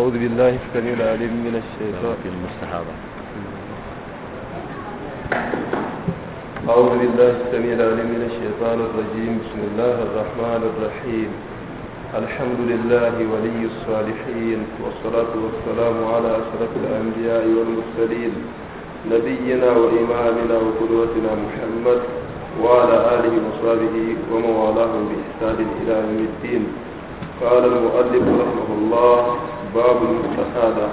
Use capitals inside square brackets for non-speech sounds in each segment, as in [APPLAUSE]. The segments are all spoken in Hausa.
أعوذ بالله السميع العليم من الشيطان المستحاضة أعوذ بالله السميع العليم من الشيطان الرجيم بسم الله الرحمن الرحيم الحمد لله ولي الصالحين والصلاة والسلام على أشرف الأنبياء والمرسلين نبينا وإمامنا وقدوتنا محمد وعلى آله وصحبه ومن والاه بإحسان إلى يوم الدين قال المؤلف رحمه الله باب المتخاذة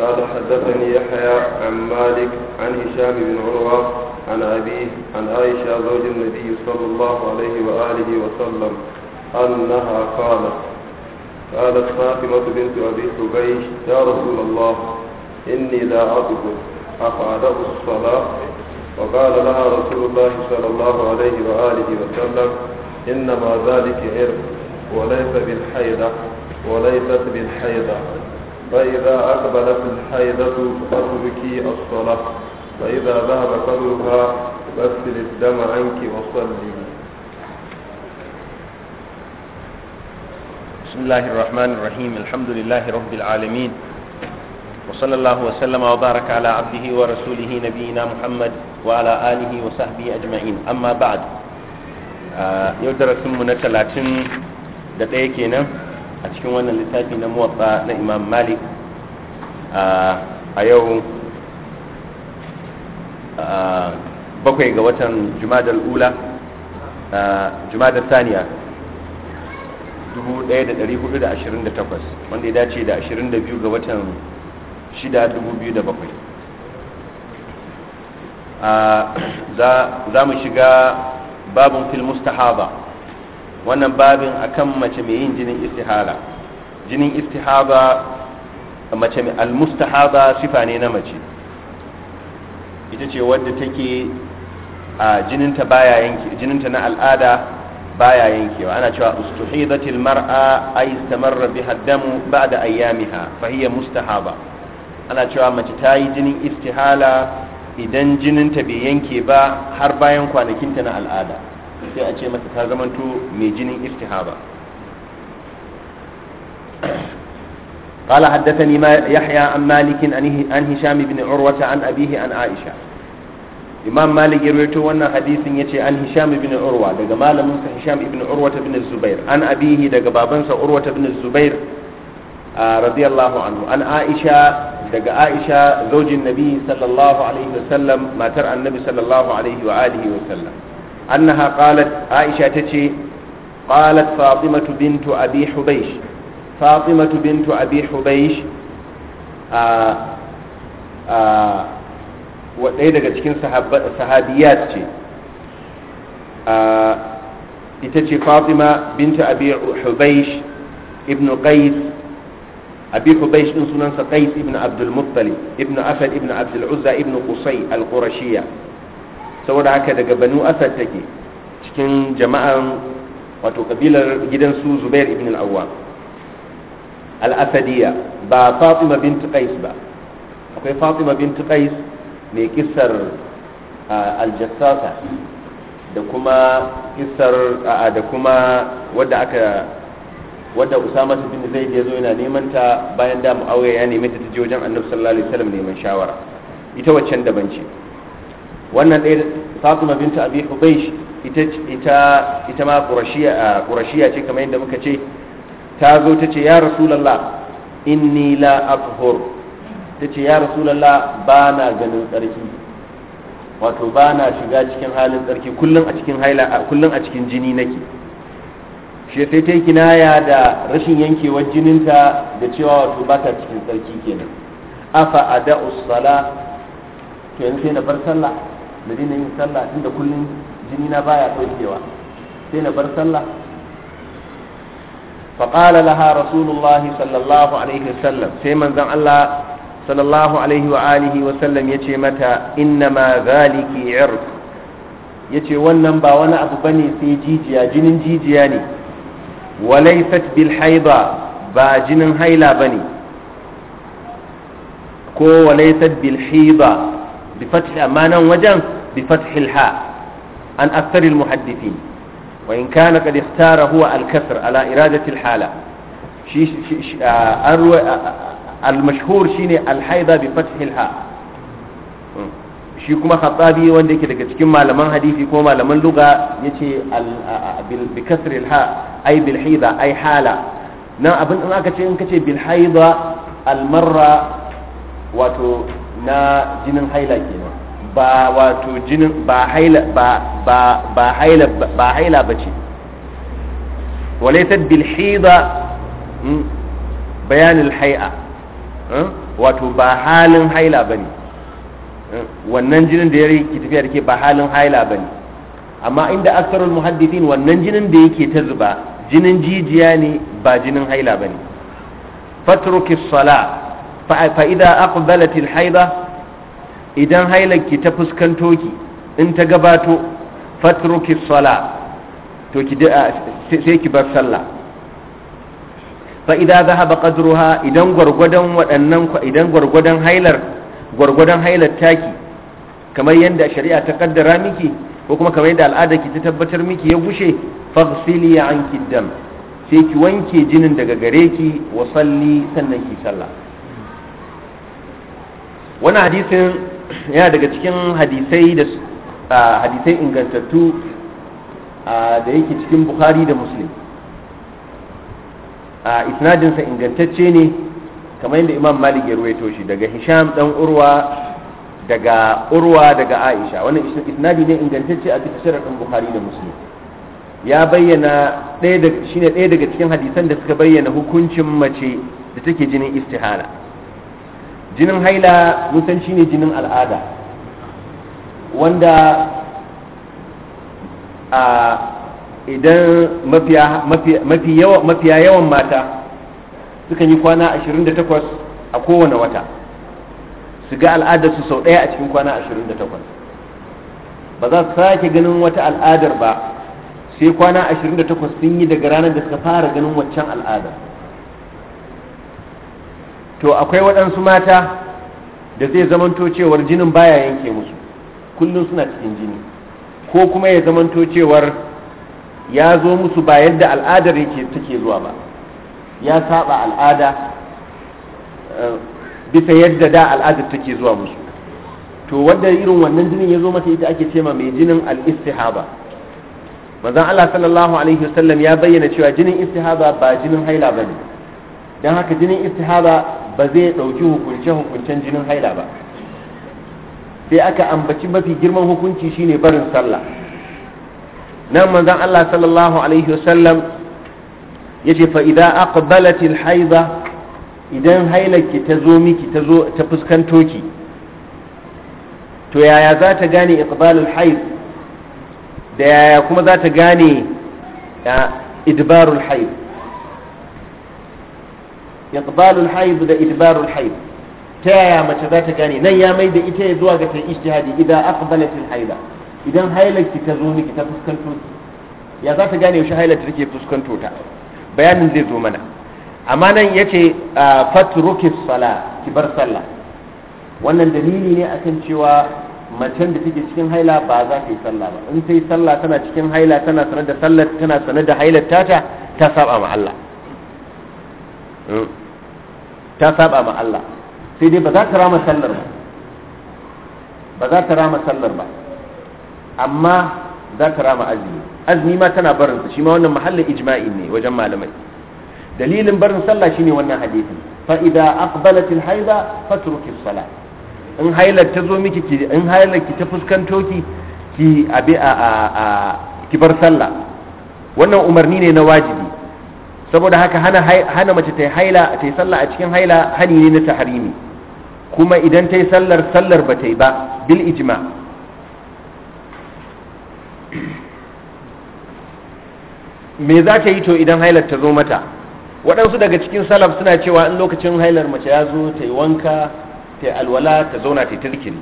قال حدثني يحيى عن مالك عن هشام بن عروة عن أبيه عن عائشة زوج النبي صلى الله عليه وآله وسلم أنها قالت قالت فاطمة بنت أبي حبيش يا رسول الله إني لا أطلب أفعله الصلاة وقال لها رسول الله صلى الله عليه وآله وسلم إنما ذلك عرق وليس بالحيضة وليست بالحيضة فإذا أقبلت الحيضة فأتركي الصلاة فإذا ذهب قدرها فاغسل الدم عنك وصلي بسم الله الرحمن الرحيم الحمد لله رب العالمين وصلى الله وسلم وبارك على عبده ورسوله نبينا محمد وعلى آله وصحبه أجمعين أما بعد آه، يودركم من لكن دقيقة a cikin wannan littafi na muwatsa na imam malik a yau bakwai ga watan jumadar ula jumadar saniya 1428 wanda ya dace da 22 ga watan 6,2007 za mu shiga babin fil mustahaba wannan babin akan mace mai yin jinin istihala jinin istihaba mace mai almustahaba sifa ne na mace ita ce wadda take a jininta baya yanke jininta na al'ada baya yankewa ana cewa ustuhidatil mar'a ay istamarra biha damu ba'da ayyamiha fa hiya mustahaba ana cewa mace ta yi jinin istihala idan jininta bai yanke ba har bayan kwanakinta na al'ada sai a ce mata ta zamanto mai jinin istihaba قال حدثني ما يحيى عن مالك عن هشام بن عروة عن أبيه عن عائشة إمام مالك يرويته وانا حديث يتي عن هشام بن عروة دقى مال موسى هشام بن عروة بن الزبير عن أبيه دقى بابنسى عروة بن الزبير آه رضي الله عنه عن عائشة دقى عائشة زوج النبي صلى الله عليه وسلم ما ترى النبي صلى الله عليه وآله وسلم annaha qalat aisha tace qalat fatimatu bintu abi hubaysh fatimatu bintu abi hubaysh a wadai daga cikin sahabiyat ce a ita ce fatima bintu abi hubaysh ibn qais abi hubaysh din sunansa qais ibn abdul muttalib ibn asad ibn abdul uzza ibn qusay al saboda haka daga banu asad take cikin jama'an wato kabilar gidan su zubair ibn al-awwam al ba fatima bint qais ba akwai fatima bint qais mai kissar al-jassasa da kuma kissar da kuma wadda aka wadda usama bin zaid ya zo yana neman ta bayan da muawiya ya nemi ta ta je wajen annabi sallallahu alaihi wasallam neman shawara ita waccan daban ce wannan ɗaya fatima bintu abi hubaish ita ita ita ma qurashiya qurashiya ce kamar yadda muka ce ta zo ta ce ya rasulullah inni la afhur ta ce ya rasulullah ba na ganin tsarki wato ba na shiga cikin halin tsarki kullum a cikin haila kullum a cikin jini nake shi sai ta yi kinaya da rashin yankewar jininta da cewa wato ba ta cikin tsarki kenan afa ada'us sala to yanzu sai na bar sallah na daina yin sallah tunda kullum jini na baya ɗaukewa sai na bar sallah فقال لها رسول الله صلى الله عليه وسلم سيما زن الله صلى الله عليه وآله وسلم يتي متى إنما ذلك عرق يتي ونن با وانا أبو بني سي جيجيا جنن جيجياني وليست بالحيضة با جنن هيلا بني كو وليست بالحيضة bi fathi amma nan wajen bi fathi ha an akthar al muhaddithin wa in kana qad ikhtara huwa al kasr ala iradati al hala mashhur shi kuma khatabi wanda yake daga cikin malaman hadisi ko malaman luga yace ce kasr ha ai hala nan abin in aka ce in kace bil haida wato na jinin haila kenan ba wato jinin ba haila ba ba ba haila ba haila bace walaita bil hida hmm, bayan al hai'a hmm, wato ba halin haila bane hmm, wannan jinin da yake tafiya dake ba halin haila bane amma inda aksarul muhaddithin wannan jinin da yake ta zuba jinin jijiya ne ba jinin haila bane fatruki salat fa'ida aqbalatil aqbalat al haida idan hailarki ta fuskanto ki in ta gabato fatruki sala to ki sai ki bar sallah fa'ida idza dhahaba qadruha idan gwargwadon waɗannan idan gwargwadon hailar gwargwadon hailar taki kamar yadda shari'a ta ƙaddara miki ko kuma kamar yadda al'ada ki ta tabbatar miki ya gushe ya anki dam sai ki wanke jinin daga gare ki wa salli sannan ki sallah wani hadisin yana daga cikin hadisai da hadisai ingantattu da yake cikin bukhari da muslim isnadinsa ingantacce ne kamar yadda imam malik ya ruwaito shi daga hisham dan urwa daga urwa daga aisha wannan isnadi ne ingantacce a cikin sharaɗin bukhari da muslim ya bayyana shi ne shine ɗaya daga cikin hadisan da suka bayyana hukuncin mace da take jinin istihala jinin haila musan shi ne jinin al'ada wanda a idan mafiya yawan mata sukan yi kwana 28 a kowane wata su ga al'adarsu sau ɗaya a cikin kwana 28 ba za su sake ganin wata al'adar ba sai kwana 28 sun yi daga ranar da suka fara ganin waccan al'adar to akwai waɗansu mata da zai zamanto cewar jinin baya yanke musu kullum suna cikin jini ko kuma ya zamanto cewar ya zo musu ba yadda al'adar yake take zuwa ba ya saba al'ada eh, bisa yadda da al'adar take zuwa musu to wadda irin wannan jinin ya zo mata ita ake cema mai jinin al-istihaba manzon Allah sallallahu alaihi wasallam ya bayyana cewa jinin istihaba ba jinin haila bane dan haka jinin istihaba ba zai ɗauki hukunce-hukuncen jinin haila ba sai aka ambaci mafi girman hukunci shine barin sallah nan manzon Allah sallallahu alaihi wasallam yace fa idza aqbalat al idan hailarki ta zo miki ta zo ta fuskanto ki to yaya za ta gane iqbal al da yaya kuma za ta gane idbarul haiz iqbalul haid da idbarul haid ta yaya mace za ta gane nan ya mai da ita zuwa ga ta ijtihadi idan aqbalatil haila idan ki ta zo miki ta fuskanto ya za ta gane yaushe hailar ta take fuskanto ta bayanin zai zo mana amma nan yace fatruki sala ki bar sallah wannan dalili ne akan cewa macen da take cikin haila ba za ta yi sallah ba in ta yi sallah tana cikin haila tana sanar da sallar tana sanar da hailar tata ta saba ma Allah hmm. ta saba ma Allah sai dai ba za ta rama sallar ba ba za ta rama sallar ba amma za ta rama azumi azumi ma tana barin shi ma wannan mahallin ijma'i ne wajen malamai dalilin barin sallah shine wannan hadisi fa idza aqbalat al haida fatruki as-salah in hailar ta zo miki ki in hailar ki ta fuskanto ki ki abi a a ki bar sallah wannan umarni ne na wajibi saboda haka hana mace ta haila ta yi sallah a cikin haila hani ne na taharimi kuma idan ta yi sallar sallar ba ta yi ba bil ijma me za ta yi to idan hailar ta zo mata waɗansu daga cikin salaf suna cewa in lokacin hailar mace ya zo ta yi wanka ta yi alwala ta zauna ta yi tilkini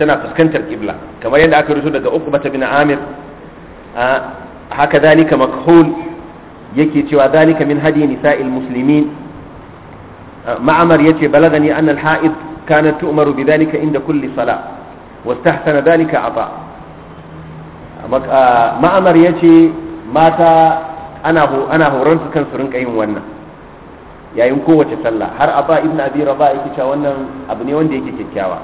tana fuskantar kibla kamar yadda aka rusu daga uku bata bin amir haka zalika makhul yake cewa dalika min hadi nisa'il muslimin ah, ma'amar yace balagani anna al-ha'id kanat tu'maru dalika inda kulli sala wastahsana dhalika aba ah, ah, ma'amar yace mata ana ana horon su kan su rinka yin wannan yayin kowace sallah har aba ibn abi raba yake cewa wannan abu ne wanda yake kyakkyawa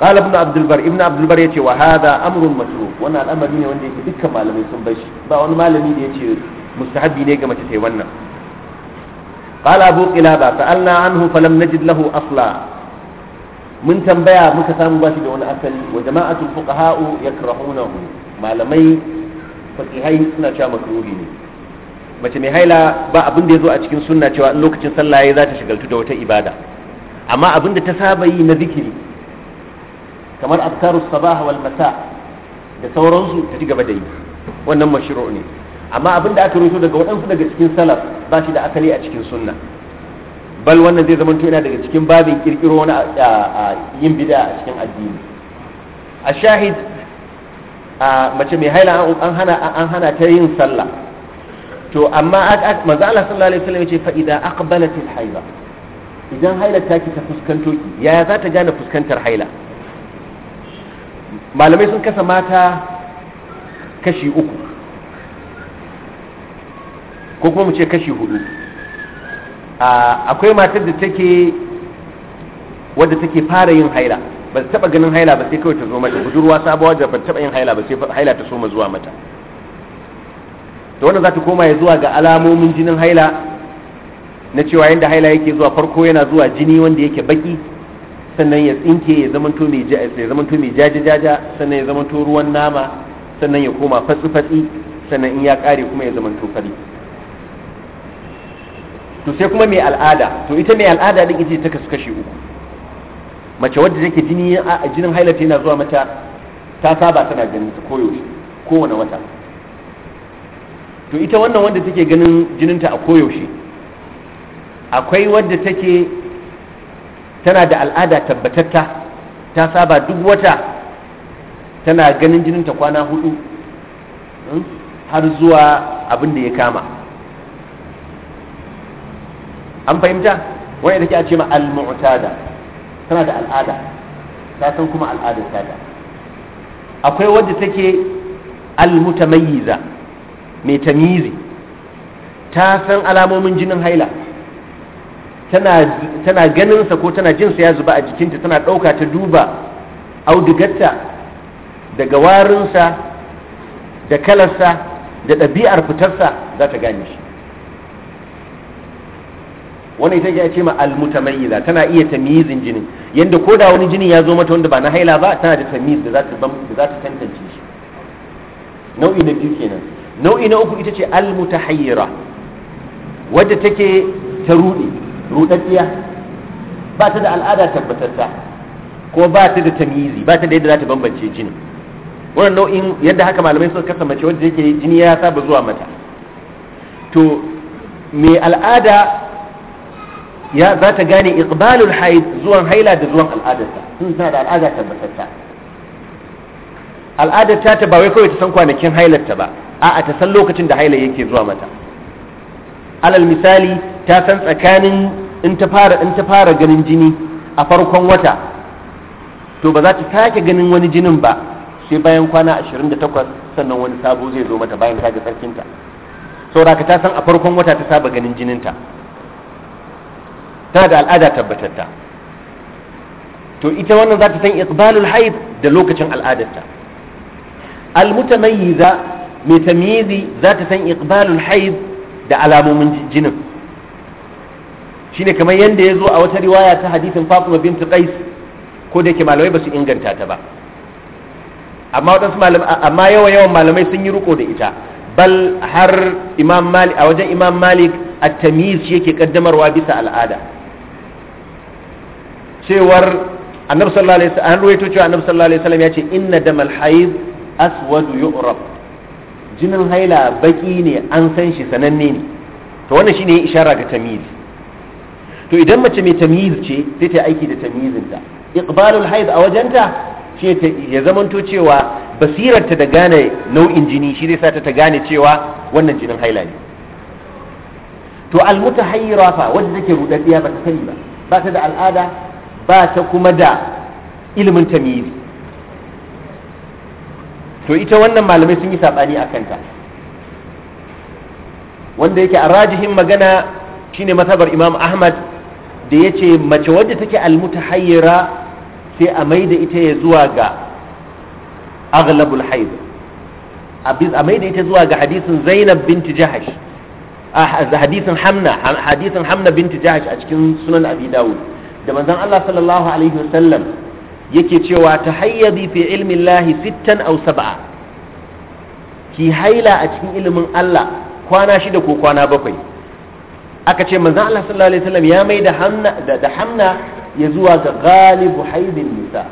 qala ibn abdul bar ibn abdul bar yace wa hadha amrun mashruf wannan al'amari ne wanda yake dukkan malamai sun bar shi ba wani malami da yace mustahabbi ne ga mace ta wannan قال أبو قلابة سألنا عنه فلم نجد له أصلا mun tambaya muka samu ba shi da wani asali wa jama'atul fuqaha'u yakrahunahu malamai fakihai suna cewa makruhi ne mace mai haila ba abin da zo a cikin sunna cewa in lokacin sallah yayi za ta shigaltu da wata ibada amma abin da ta saba yi na zikiri kamar azkarus sabah wal masa da sauransu ta ci gaba da yi wannan mashru' ne amma abin da aka rubuto daga waɗansu daga cikin salaf ba shi da asali a cikin sunna bal wannan zai zama yana daga cikin babin kirkiro wani yin bid'a a cikin addini a shahid mace mai haila an hana an hana ta yin sallah to amma manzo Allah sallallahu alaihi wasallam ce fa idza aqbalat haila idan haila ta ki ta fuskanto ki yaya za ta gane fuskantar haila malamai sun kasa mata kashi uku ko kuma mu ce kashi hudu akwai matar da take wadda take fara yin haila ba ta taba ganin haila ba sai kawai ta zo mata budurwa sabuwa da ba ta taba yin haila ba sai haila ta soma zuwa mata to wannan za ta koma ya zuwa ga alamomin jinin haila na cewa yadda haila yake zuwa farko yana zuwa jini wanda yake baki sannan ya tsinke ya zamanto mai ya mai jaja sannan ya zamanto ruwan nama sannan ya koma fatsi fatsi sannan in ya kare kuma ya zamanto fari to sai kuma mai al'ada to ita mai al'ada din ita ta kasu kashe uku mace wadda take jini jinin hailata yana zuwa mata ta saba tana ganin ta koyaushe kowane wata to ita wannan wanda take ganin jininta a koyaushe akwai wadda take tana da al'ada tabbatatta ta saba duk wata tana ganin jininta kwana hudu hmm, har zuwa abin da ya kama an fahimta wanda take a ce ma al-mu'tada tana da al'ada ta san kuma al'adar ta akwai wadda take al-mutamayyiza mai tamizi ta san alamomin jinin haila tana ganinsa ko tana jin sa ya zuba a jikinta tana ɗauka ta duba audugarta daga warinsa da kalarsa da ɗabi'ar fitarsa za ta gane shi wani ita ya ce ma almutamayyiza tana iya tamyizin jinin yanda ko da wani jini ya zo mata wanda ba na haila ba tana da tamyiz da za ta da za ta tantance shi nau'i na biyu kenan nau'i na uku ita ce almutahayyira wadda take ta rudi rudaddiya ba ta da al'ada tabbatarta ko ba ta da tamyizi ba ta da yadda za ta bambance jinin wannan nau'in yadda haka malamai suka kasa mace wadda yake jini ya saba zuwa mata to me al'ada ya za ta gane iqbalul haid zuwan haila da zuwan al'adarta sun tana da al'ada tabbatatta al'adarta ta ba wai kawai ta san kwanakin hailarta ba a'a ta san lokacin da haila yake zuwa mata alal misali ta san tsakanin in ta fara in ta fara ganin jini a farkon wata to ba za ta sake ganin wani jinin ba sai bayan kwana 28 sannan wani sabo zai zo mata bayan ta ga sarkinta saboda ka ta san a farkon wata ta saba ganin jininta tana da al'ada tabbatatta to ita wannan za ta san iqbalul haid da lokacin al'adarta almutamayyiza mai tamyizi za ta san iqbalul haid da alamomin jinin shine kamar yadda ya zo a wata riwaya ta hadisin Fatima bint Qais ko da yake malamai ba su inganta ta ba amma waɗansu amma yawan malamai sun yi riko da ita bal har imam malik a wajen imam malik at-tamyiz shi yake kaddamarwa bisa al'ada cewar annabi sallallahu alaihi wasallam an ruwaito cewa annabi sallallahu alaihi wasallam ya ce inna damal hayd aswadu yu'rab jinin haila baki ne an san shi sananne ne to wannan shine ishara ga tamyiz to idan mace mai tamyiz ce sai ta aiki da tamyizinta iqbalul hayd a wajenta shi ya zamanto cewa basirarta da gane nau'in jini shi zai sa ta gane cewa wannan jinin haila ne to almutahayyira fa wanda take rudaddiya ba ta sani ba ba ta da al'ada ba ta kuma da ilimin tamyiz to ita wannan malamai sun yi saɓani a kanta wanda yake a rajihin magana shine matabar imam ahmad da ya ce mace wadda take hayyara sai a maida ita ya zuwa ga aghlabul haid a maida ita zuwa ga hadisin zainab binti jahash ah, hadisin hamna hadisin hamna binti jahash a cikin sunan abi dawud da manzon Allah sallallahu alaihi wasallam yake cewa tahayyadi fi ilmi Allah sittan aw sab'a ki haila a cikin ilimin Allah kwana shida ko kwana bakwai aka ce manzon Allah sallallahu alaihi wasallam ya mai da hamna da hamna ya zuwa ga galibu haidin nisa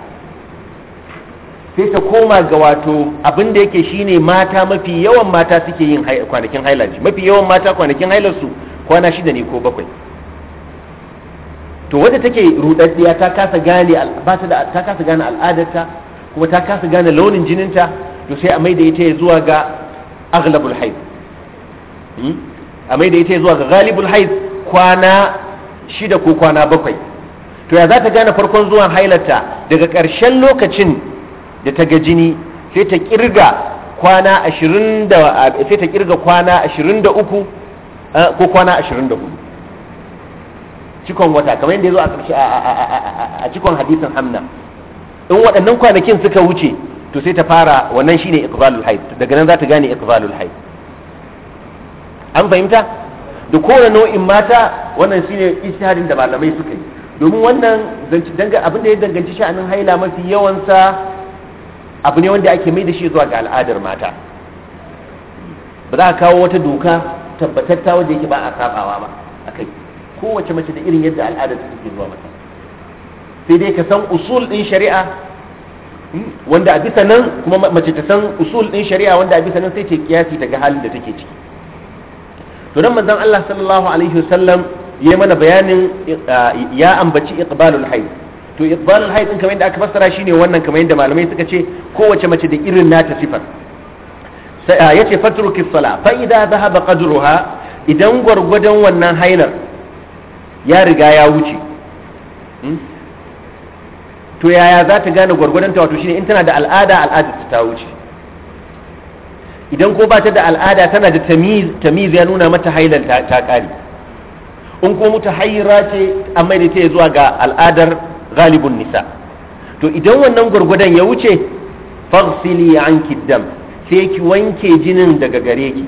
sai ta koma ga wato abin da yake shine mata mafi yawan mata suke yin kwanakin haila mafi yawan mata kwanakin hailarsu kwana shida ne ko bakwai to wadda take rudaddiya ta kasa gane ba ta da ta kasa gane al'adarta kuma ta kasa gane launin jininta to sai a maida ita zuwa ga aghlabul haid hmm? a maida ita zuwa ga ghalibul haid kwana shida ko kwana bakwai to ya za ta gane farkon zuwan hailarta daga ƙarshen lokacin da ta ga jini sai ta kirga kwana 20 sai ta kirga kwana ashirin da uku eh, ko kwana ashirin da hudu cikon wata kamar yadda ya zo a ƙarshe a cikon hadisin hamna in waɗannan kwanakin suka wuce to sai ta fara wannan shine iqbalul haid daga nan za ta gane iqbalul haid an fahimta da kowane nau'in mata wannan shine ijtihadin da malamai suka yi domin wannan danga abin da ya danganci sha'anin haila mafi yawansa abu ne wanda ake mai da shi zuwa ga al'adar mata ba za a kawo wata doka tabbatatta wanda yake ba a sabawa ba akai kowace mace da irin yadda al'adar ta take zuwa mata sai dai ka san usul din shari'a hmm, wanda a bisa nan kuma mace ta san usul din shari'a wanda a bisa nan sai ta kiyasi daga halin da take ciki to nan manzon Allah sallallahu alaihi wasallam ya mana bayanin ya ambaci iqbalul hayd to iqbalul hayd din kamar yadda aka fassara shine wannan kamar yadda malamai suka ce kowace mace da irin nata sifar yace fatruki sala fa idza dhahaba qadruha idan gwargwadon wannan hainar ya riga ya wuce hmm? to yaya za ta gane gwargwadon ta wato shine in tana da al'ada al'ada ta wuce idan ko ba ta da al'ada tana da tamiz tamiz ya nuna mata hailan ta kare in ko muta haira ce amma da ta zuwa ga al'adar galibun nisa to idan wannan gwargwadon ya wuce fagsili anki dam sai ki wanke jinin daga gare ki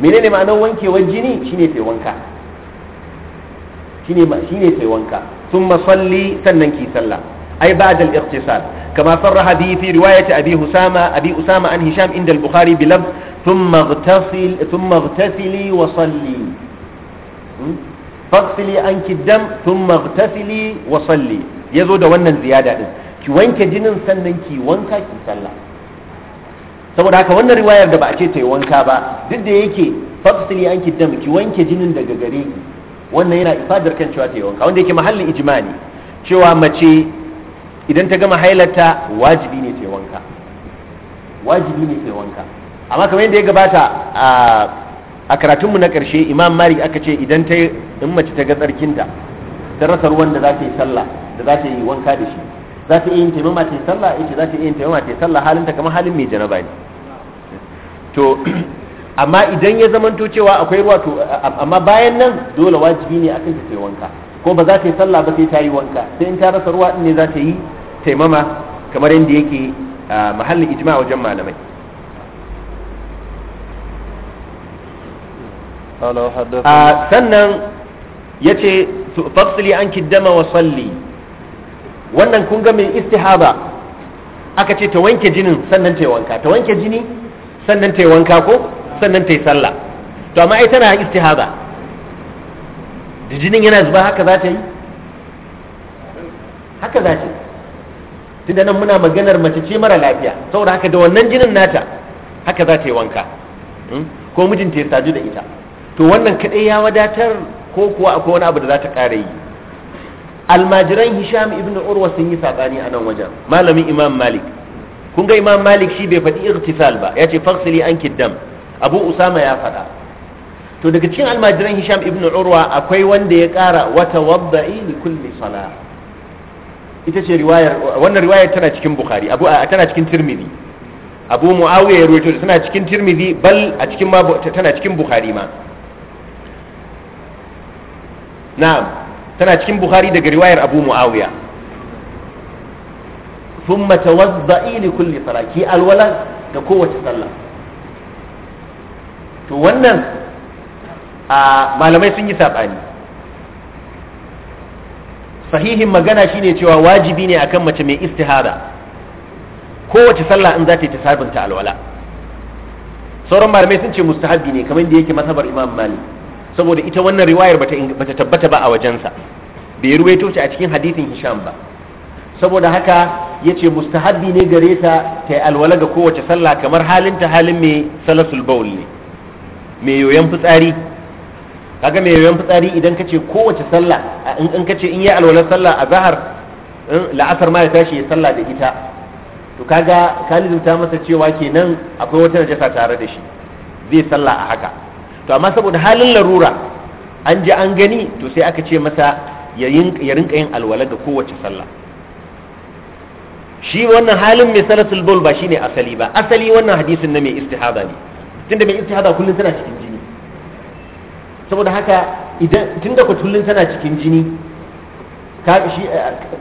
menene ma'anar wankewar jini shine sai wanka shine shine kai wanka sun salli sannan ki sallah ai ba'da al-ightisal kama sarraha bi fi riwayat abi husama abi usama an hisham inda al-bukhari bi lafz thumma ightasil thumma ightasili wa salli hmm? faghsili anki dam thumma ightasili wa salli yazo da wannan ziyada din ki wanke jinin sannan ki wanka ki sallah saboda haka wannan riwayar da ba a ce ta yi wanka ba duk da yake faghsili anki dam ki wanke jinin daga gare ki wannan yana ifadar kan cewa ta yi wanka wanda yake mahallin ijima ne cewa mace idan ta gama hailarta wajibi ne ta yi wanka wajibi ne ta yi wanka amma kamar yadda ya gabata a karatunmu na karshe imam malik aka ce idan ta in mace ta ga tsarkinta ta rasa ruwan da za ta yi sallah da za ta yi wanka da shi za ta iya yin taimama ta yi sallah ita eh, za ta iya yin taimama ta yi sallah halin ta kamar halin mai janaba ne to amma idan ya zamanto cewa akwai ruwa to amma bayan nan dole wajibi ne akan ta wanka ko ba za ta yi sallah ba sai ta yi wanka sai in ta rasa ruwa din ne za ta yi taimama kamar yadda yake mahallin ijma wajen malamai sannan ya ce fafsili an kiddama wa salli wannan kun ga mai istihaba aka ce ta wanke jinin sannan ta wanka ta wanke jini sannan ta wanka ko sannan ta yi sallah to amma ai tana istihaza da jinin yana zuba haka za ta yi haka za ta yi tunda nan muna maganar mace ce mara lafiya saboda haka da wannan jinin nata haka za ta yi wanka hmm? ko mijinta ya saju da ita to wannan kaɗai ya wadatar ko kuwa akwai wani abu da za ta ƙara yi almajiran hisham ibn urwa sun yi saɓani a nan wajen malamin imam malik kun ga imam malik shi bai faɗi irtisal ba ya ce faksili an kiddam abu usama ya faɗa to daga cikin almajiran hisham ibn urwa akwai wanda ya ƙara wata wadda'i li kulli sala ita ce riwayar wannan riwayar tana cikin bukhari abu tana cikin tirmidhi abu muawiya ya rawaito tana cikin tirmidhi bal a cikin ma tana cikin bukhari ma na'am tana cikin bukhari daga riwayar abu muawiya thumma tawadda'i li kulli salati alwala da kowace sallah to wannan malamai sun yi saɓani sahihin magana shine cewa wajibi ne akan mace mai istihara kowace sallah in za ta yi ta sabunta alwala sauran malamai sun ce mustahabi ne kamar da yake mazhabar imam mali. saboda ita wannan riwayar bata tabbata ba a wajensa bai ruwaito ta a cikin hadisin hisham ba saboda haka ya ce mustahabi ne gare ta ta yi alwala ga kowace sallah kamar halin ta halin mai salasul Bawul ne mai yoyon fitsari kaga mai yoyon fitsari idan kace kowace sallah in kace in yi alwalar sallah a zahar la'asar ma ya tashi ya sallah da ita to kaga ka ta masa cewa kenan akwai wata najasa tare da shi zai sallah a haka to amma saboda halin larura an ji an gani to sai aka ce masa ya rinka yin alwala ga kowace sallah shi wannan halin mai salatul bol ba shine asali ba asali wannan hadisin na mai istihada ne tunda mai haɗa kullun tana cikin jini saboda haka idan tunda ku kullun tana cikin jini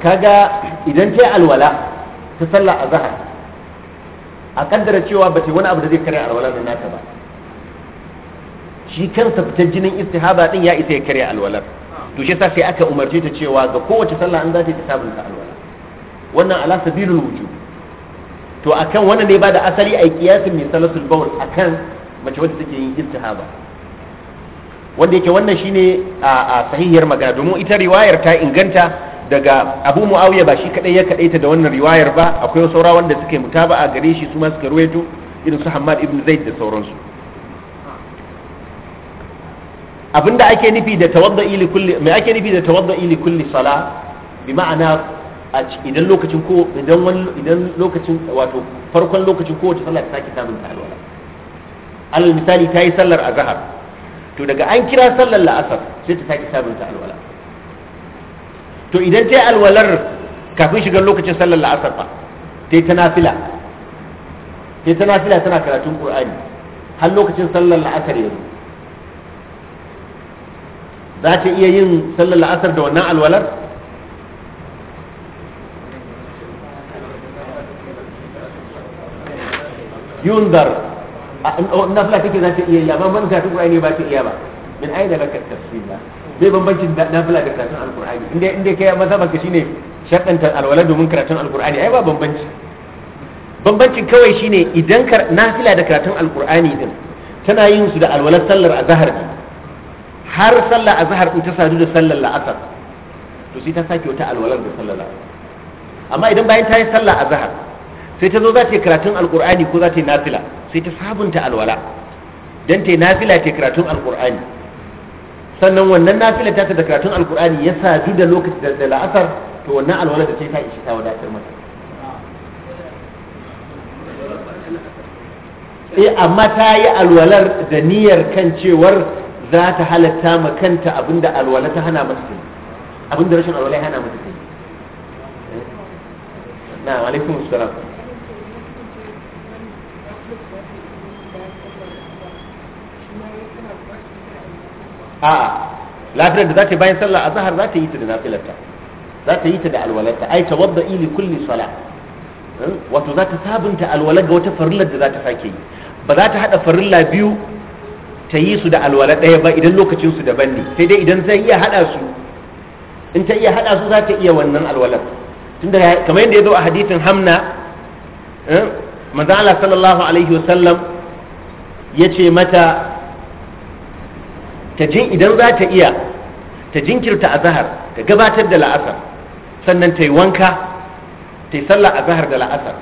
kaga idan ta alwala ta sallah a zahar a kaddara cewa ba ta wani abu da zai karya alwala da nata ba shi kansa fitar jinin istihaba din ya isa ya karya alwalar to shi sai aka umarce ta cewa ga kowace sallah an zata ta yi ta sabunta alwala wannan ala sabilul wujub to akan wannan ne ba da asali a kiyasin mai salatul bawl akan mace wadda take yin istihaba wanda yake wannan shine a sahihiyar magana domin ita riwayar ta inganta daga Abu Muawiya ba shi kadai ya kadaita da wannan riwayar ba akwai saura wanda suke mutaba a gare shi su ma suka ruwaito irin su Hammad ibn Zaid da sauransu abinda ake nufi da tawaddu'i li kulli me ake nufi da tawaddu'i li kulli sala bi ma'ana idan lokacin ko idan wani idan lokacin wato farkon lokacin kowace sallah ta sake samun alwala alal misali ta yi sallar azahar to daga an kira sallar la'asar sai ta sake sabunta alwala to idan ta yi alwalar kafin shigar lokacin sallar la'asar ba ta yi ta nafila ta yi ta nafila tana karatun ƙur'ani har lokacin sallar la'asar yanzu za ta iya yin sallar la'asar da wannan alwalar yundar nafila take za ta iya yi amma ban karatun qur'ani ba ta iya ba min aina laka tafsir ba bai bambancin fila da karatun alqur'ani inda inda kai maza baka shine shaddanta alwala domin karatun alqur'ani ai ba bambanci bambancin kawai shine idan nafila da karatun Alƙur'ani din tana yin su da alwala sallar azhar ne har sallar azhar din ta sadu da sallar la'asar to sai ta sake wata alwalar da sallar la'asar amma idan bayan ta yi sallar azhar sai ta zo za ta yi karatun alkur'ani ko za ta yi nafila sai ta sabunta alwala don ta yi nafila ta yi karatun alkur'ani sannan wannan nafila ta da karatun alkur'ani ya sadu da lokaci da la'asar to wannan alwala da ta yi ta ishi ta wadatar mata eh amma ta yi alwalar da niyyar kan cewar za ta halatta ma kanta abinda alwala ta hana mata ta abinda rashin alwala ya hana mata ta yi eh? na alaikum assalam a'a lafiyar da za ta yi bayan sallah azhar za ta yi ta da nafilarta za ta yi ta da alwalarta ai ta wadda ili kulli sala hmm? wato za ta sabunta alwalar ga wata farillar da za ta sake yi ba za ta hada farilla biyu ta yi su da alwala ɗaya ba idan lokacin su daban ne sai dai idan zai iya hada su in ta iya hada su za ta iya wannan alwalar tunda kamar yadda ya zo a hadisin hamna hmm? manzo Allah sallallahu alaihi wasallam ce mata ta jin idan za ta iya ta jinkirta a zahar ta gabatar da la'asar sannan ta yi wanka ta yi sallah a zahar da la'asar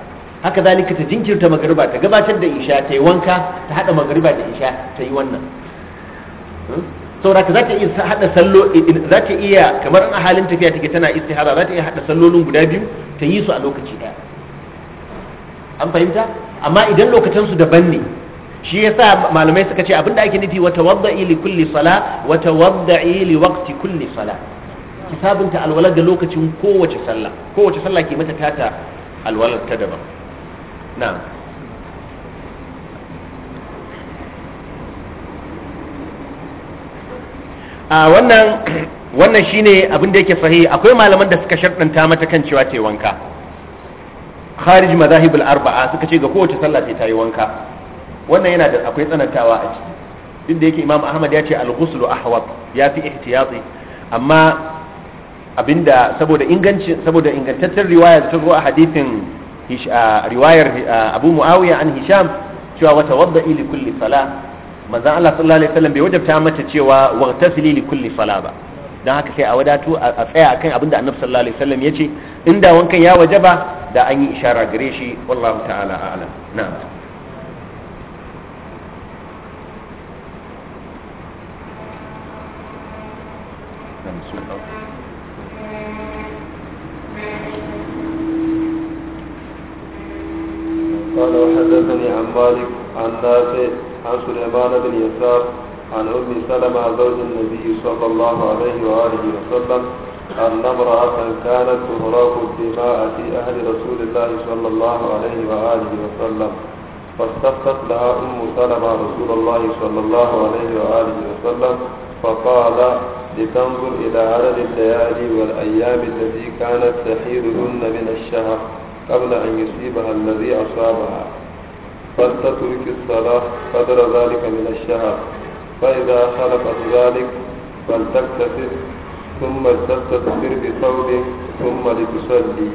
haka zalika ta jinkirta magariba ta gabatar da isha ta yi wanka ta hada magariba da isha ta yi wannan hmm? saboda za ta iya hada sallo za ta iya kamar a halin tafiya take tana istihara za ta iya hada sallolin guda biyu ta yi su a lokaci daya an fahimta amma idan lokacin su daban ne shi yasa malamai suka ce abinda ake nufi wa tawadda'i li kulli sala wa tawadda'i li waqti kulli sala ki sabunta alwala ga lokacin kowace sallah kowace sallah ke mata tata alwalar ta daban na'am a wannan wannan shine abin da yake sahihi akwai malaman da suka sharɗanta mata kan cewa ta wanka kharij madahibul arba'a suka ce ga kowace sallah sai ta yi wanka wannan yana da akwai tsanantawa a ciki inda yake imam ahmad ya ce al ahwab ya fi ihtiyati amma abinda saboda inganci saboda ingantaccen riwaya ta zo a hadithin riwayar abu muawiya an hisham cewa wata wadda ili kulli sala manzon Allah sallallahu alaihi wasallam bai wajabta mata cewa waghtasili li kulli sala ba don haka sai a wadatu a tsaya akan abinda annabi sallallahu alaihi wasallam ce, inda wankan ya wajaba da an yi ishara gare shi wallahu ta'ala a'lam na'am قال وحدثني عن مالك عن نافع عن سليمان بن يسار عن أم سلمة زوج النبي صلى الله عليه وآله وسلم أن امرأة كانت تهراق الدماء في أهل رسول الله صلى الله عليه وآله وسلم فاستفتت لها أم سلمة رسول الله صلى الله عليه وآله وسلم فقال لتنظر إلى عدد الليالي والأيام التي كانت تحيرهن من الشهر قبل أن يصيبها الذي أصابها فلتترك الصلاة قدر ذلك من الشهر فإذا خلفت ذلك فلتكتسب ثم لتستثمر بثوب ثم لتصلي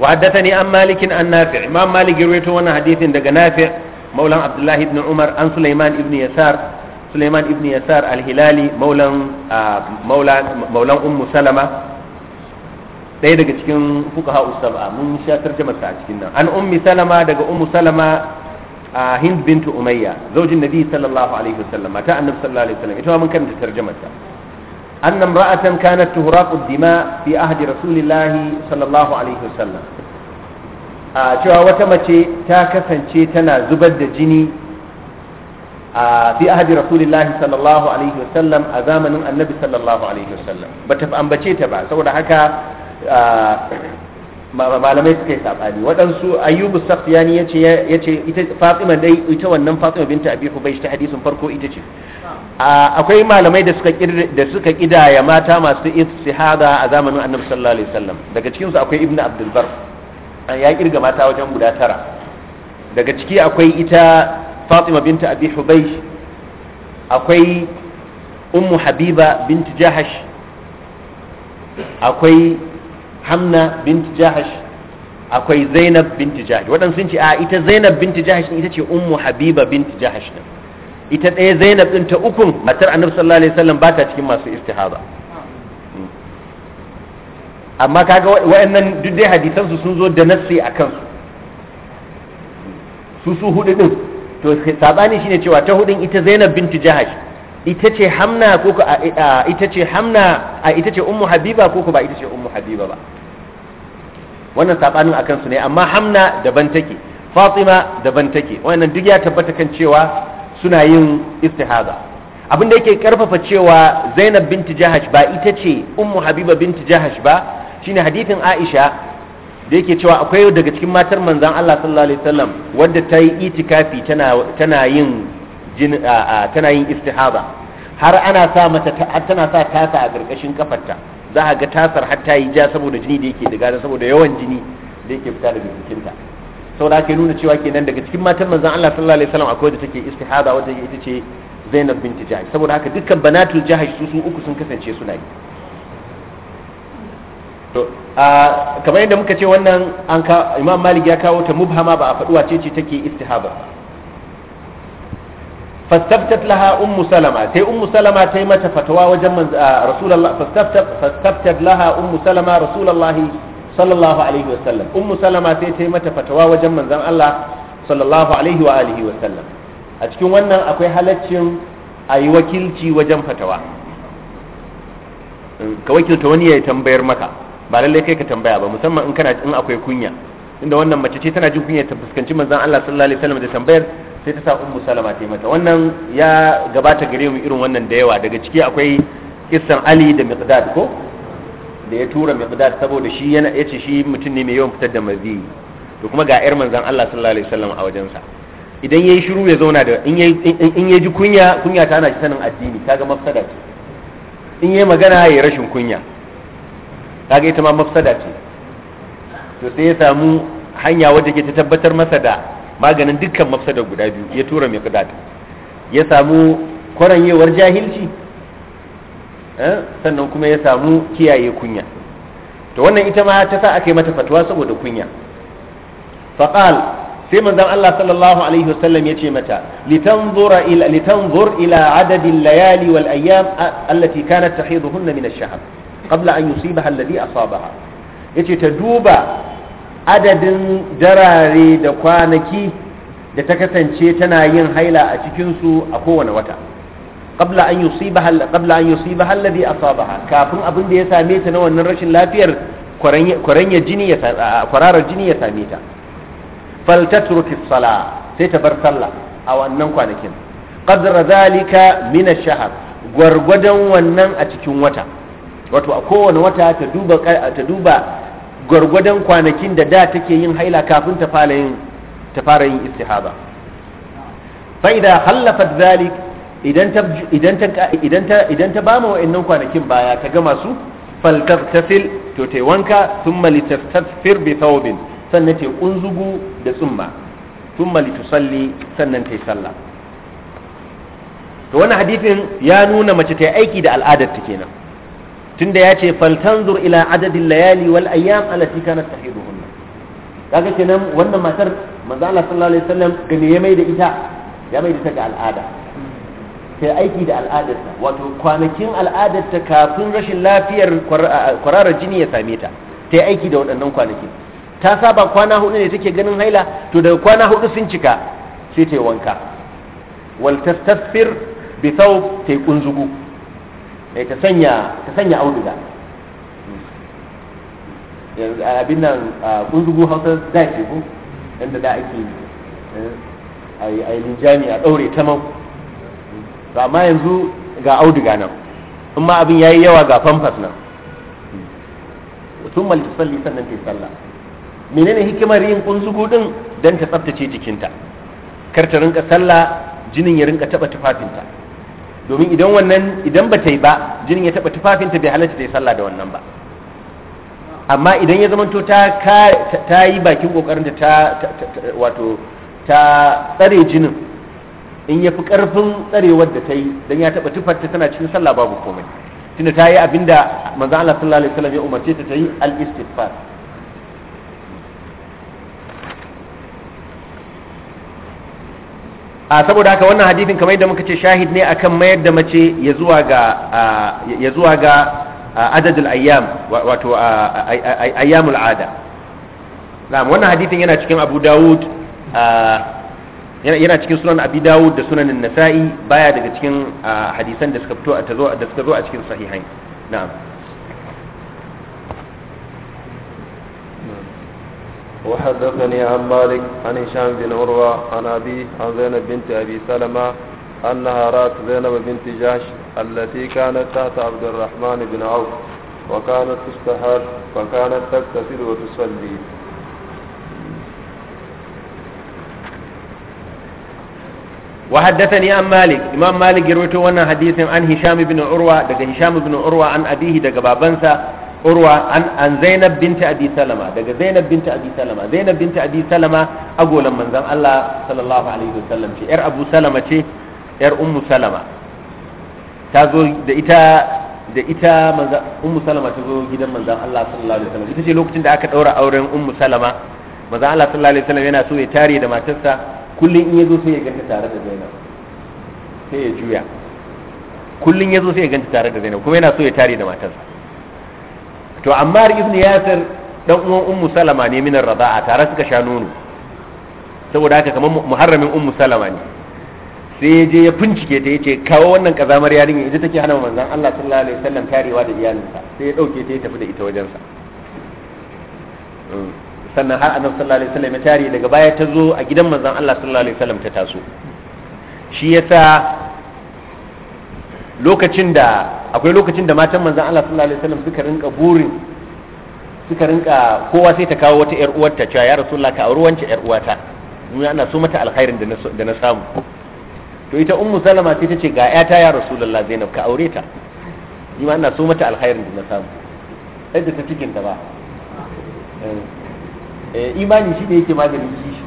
وحدثني عن مالك عن نافع امام مالك رويته وانا حديث دغ نافع مولى عبد الله بن عمر عن سليمان بن يسار Suleiman ibn Yasar al-Hilali maulan maulan Ummu Salama ɗaya daga cikin fuqaha usaba mun sha tarjumar ta a cikin nan an ummi salama daga ummu salama a hind bintu umayya zaujin nabi sallallahu alaihi wasallam mata annabi sallallahu alaihi wasallam ita mun karanta tarjumar ta annam ra'atan kanat tuhraqu الدماء dima fi رسول الله sallallahu الله عليه وسلم cewa wata mace ta kasance tana zubar da jini fi ahadi rasulillahi sallallahu alaihi wasallam a zamanin annabi sallallahu alaihi wasallam ba ta ambace ta ba saboda haka malamai suka yi sabani waɗansu ayyubu safiyani ya ce ita fatima dai ita wannan fatima binta abi hubaysh ta hadisin farko ita ce akwai malamai da suka da suka kidaya mata masu istihada a zamanin annabi sallallahu alaihi wasallam daga cikin su akwai ibnu abdul bar ya kirga mata wajen guda tara daga ciki akwai ita fatima binta abi hubaish akwai ummu habiba binti jahash akwai hamna binti jahash akwai zainab binti jahash waɗansu sun ce a ita zainab binti jahash ita ce ummu habiba binti jahash ne ita ɗaya zainab ɗin ta ukun matar annabi sallallahu alaihi wasallam ba ta cikin masu istihada amma kaga wa'annan duk dai hadisansu sun zo da nassi a kansu su su hudu din to sabani shine cewa ta hudun ita Zainab bintu Jahash ita ce Hamna ko ita ce Hamna a ita ce Ummu Habiba ko ba ita ce Ummu Habiba ba wannan sabanin akan su ne amma Hamna daban take Fatima daban take wannan duk ya tabbata kan cewa suna yin istihaza abin da yake karfafa cewa Zainab bintu Jahash ba ita ce Ummu Habiba bintu Jahash ba shine hadithin Aisha da yake cewa akwai daga cikin matar manzan Allah sallallahu alaihi wasallam wadda ta yi itikafi tana tana yin jin tana yin istihaba har ana sa mata har tana sa tasa a karkashin kafarta za a ga tasar har ta yi ja saboda jini da yake daga saboda yawan jini da yake fita daga jikinta saboda ake nuna cewa kenan daga cikin matar manzan Allah sallallahu alaihi wasallam akwai da take istihaba wadda ita ce Zainab binti Jahsh saboda haka dukkan banatul Jahsh su su uku sun kasance suna yi kamar yadda muka ce wannan an ka imam malik ya kawo ta mubhama ba a faɗi wace ce take istihaba fastabtat laha ummu salama sai ummu salama ta yi mata fatawa wajen manzo rasulullah fastabtat fastabtat laha ummu salama rasulullahi sallallahu alaihi wa sallam ummu salama sai ta yi mata fatawa wajen manzon Allah sallallahu alaihi wa alihi wa sallam a cikin wannan akwai halaccin ayi wakilci wajen fatawa ka wakilta wani ya tambayar maka ba lallai kai ka tambaya ba musamman in kana in akwai kunya inda wannan mace ce tana jin kunya ta fuskanci manzon Allah sallallahu alaihi wasallam da tambayar sai ta sa ummu salama ta mata wannan ya gabata gare mu irin wannan da yawa daga ciki akwai kissan Ali da Miqdad ko da ya tura Miqdad saboda shi yana yace shi mutum ne mai yawan fitar da mazi to kuma ga ƴar manzon Allah sallallahu alaihi wasallam a wajensa idan yayi shiru ya zauna da in yayi in yaji kunya kunya ta ana sanin addini kaga mafsada ce in yayi magana yayi rashin kunya kaga ita ma mafsada ce to sai ya samu hanya wadda ke ta tabbatar masa da maganin dukkan mafsada guda biyu ya tura mai ta ya samu kwaranyewar jahilci eh, sannan kuma ya samu kiyaye kunya to wannan ita ma ta sa aka yi mata fatuwa saboda kunya faqal sai manzon Allah sallallahu alaihi wasallam ya ce mata litanzura ila litanzur ila adadil layali wal ayyam allati kanat tahiduhunna min ash-shahr qabla an yusibaha alladhi asabaha yace ta duba adadin darare da kwanaki da ta kasance tana yin haila a cikin su a kowane wata qabla an yusibaha qabla an yusibaha alladhi asabaha kafin abin da ya same ta na wannan rashin lafiyar jini ya kwararar jini ya same ta faltatruki sala sai ta bar sallah a wannan kwanakin gwargwadon wannan a cikin wata wato a kowane wata ta duba ta duba gwargwadon kwanakin da da take yin haila kafin ta fara yin ta fara yin istihaba fa idan khallafat zalik idan ta idan ta idan ta idan ta bama wa'annan kwanakin baya ta gama su faltaghtasil to tai wanka thumma litastaghfir bi thawbin sannan ta kunzugu da tsumma thumma litusalli sannan tai sallah to wannan hadisin ya nuna mace ta aiki da al'adar ta kenan tunda ya ce faltanzur ila adadin layali wal ayyam allati kanat tahiduhun kaga kenan wannan matar manzo Allah sallallahu alaihi wasallam gani me ya mai da ita ya mai da ta ga al'ada sai aiki da al'adarta wato kwanakin al'adarta kafin rashin lafiyar kwararar jini ya same ta ta aiki da waɗannan kwanakin ta saba kwana hudu ne take ganin haila to daga kwana hudu sun cika sai ta yi wanka wal tastasfir bi thawb ta kunzugu Ka eh, sanya auduga yanzu abin nan kunzugu hausa za ce ko inda da ake eh, a yi linjami a ɗaure ta man to amma yanzu ga auduga nan in ma abin ya yi yawa ga famfas nan tun malta salli sannan ta sallah menene hikimar yin kunzugu din don ta tsabtace jikinta kar ta rinka sallah jinin ya rinka taɓa tufafinta domin idan wannan idan ba ta yi ba jinin ya taɓa tufafinta bai halarta ta yi sallah da wannan ba amma idan ya zamanto ta ta yi bakin kokarin ta wato ta tsare jinin in ya fi ƙarfin tsarewar da ta yi don ya taɓa tufarta tana cikin sallah babu komai tunda ta yi abinda manzo Allah sallallahu alaihi wasallam ya umarce ta ta yi al-istighfar a saboda haka wannan hadithin kamar yadda muka ce shahid ne akan mayar da mace ya zuwa ga ya adadul ayyam wato ayyamul ada na'am wannan hadithin yana cikin Abu Dawud yana cikin sunan Abi Dawud da sunan Nasa'i baya daga cikin hadisan da suka fito a tazo zo a cikin sahihain na'am وحدثني عن مالك عن هشام بن عروة عن أبيه عن زينب بنت أبي سلمة أنها رأت زينب بنت جاش التي كانت تحت عبد الرحمن بن عوف وكانت تستحر فكانت تغتسل وتصلي وحدثني عن مالك إمام مالك يروي وانا حديث عن هشام بن عروة دك هشام بن عروة عن أبيه دك بابنسا urwa an an zainab binta abi salama daga zainab binta abi salama zainab binta abi salama agolan manzon Allah sallallahu alaihi wasallam ce yar abu salama ce yar ummu salama ta zo da ita da ita manzon ummu salama ta zo gidan manzon Allah sallallahu alaihi wasallam ita ce lokacin da aka daura auren ummu salama manzon Allah sallallahu alaihi wasallam yana so ya tare da matarsa kullun in yazo sai ya ganta tare da Zainab sai ya juya kullun yazo sai ya ganta tare da Zainab kuma yana so ya tare da matarsa to ammar ibn yasir dan uwan ummu salama ne minar rada'a tare suka sha nono saboda haka kamar muharramin ummu salama ne sai ya je ya fincike ta yace kawo wannan kazamar yarinya ita take hana manzon Allah sallallahu alaihi wasallam tarewa da iyalinsa sai ya dauke ta ya tafi da ita wajensa hmm. sannan har annabi sallallahu alaihi wasallam ya tare daga baya ta zo a gidan manzon Allah sallallahu alaihi wasallam ta taso shi yasa lokacin da akwai lokacin da matan manzan Allah sallallahu alaihi wasallam suka rinka burin suka rinka kowa sai ta kawo wata yar uwarta cewa ya rasulullah ka auri wancan yar uwata mu ana so mata alkhairin da na samu to ita ummu salama sai ta ce ga yata ya rasulullah zainab ka aure ta mu ma ana so mata alkhairin da na samu sai da ta cikin ta ba eh, eh, imani shi ne yake maganin kishi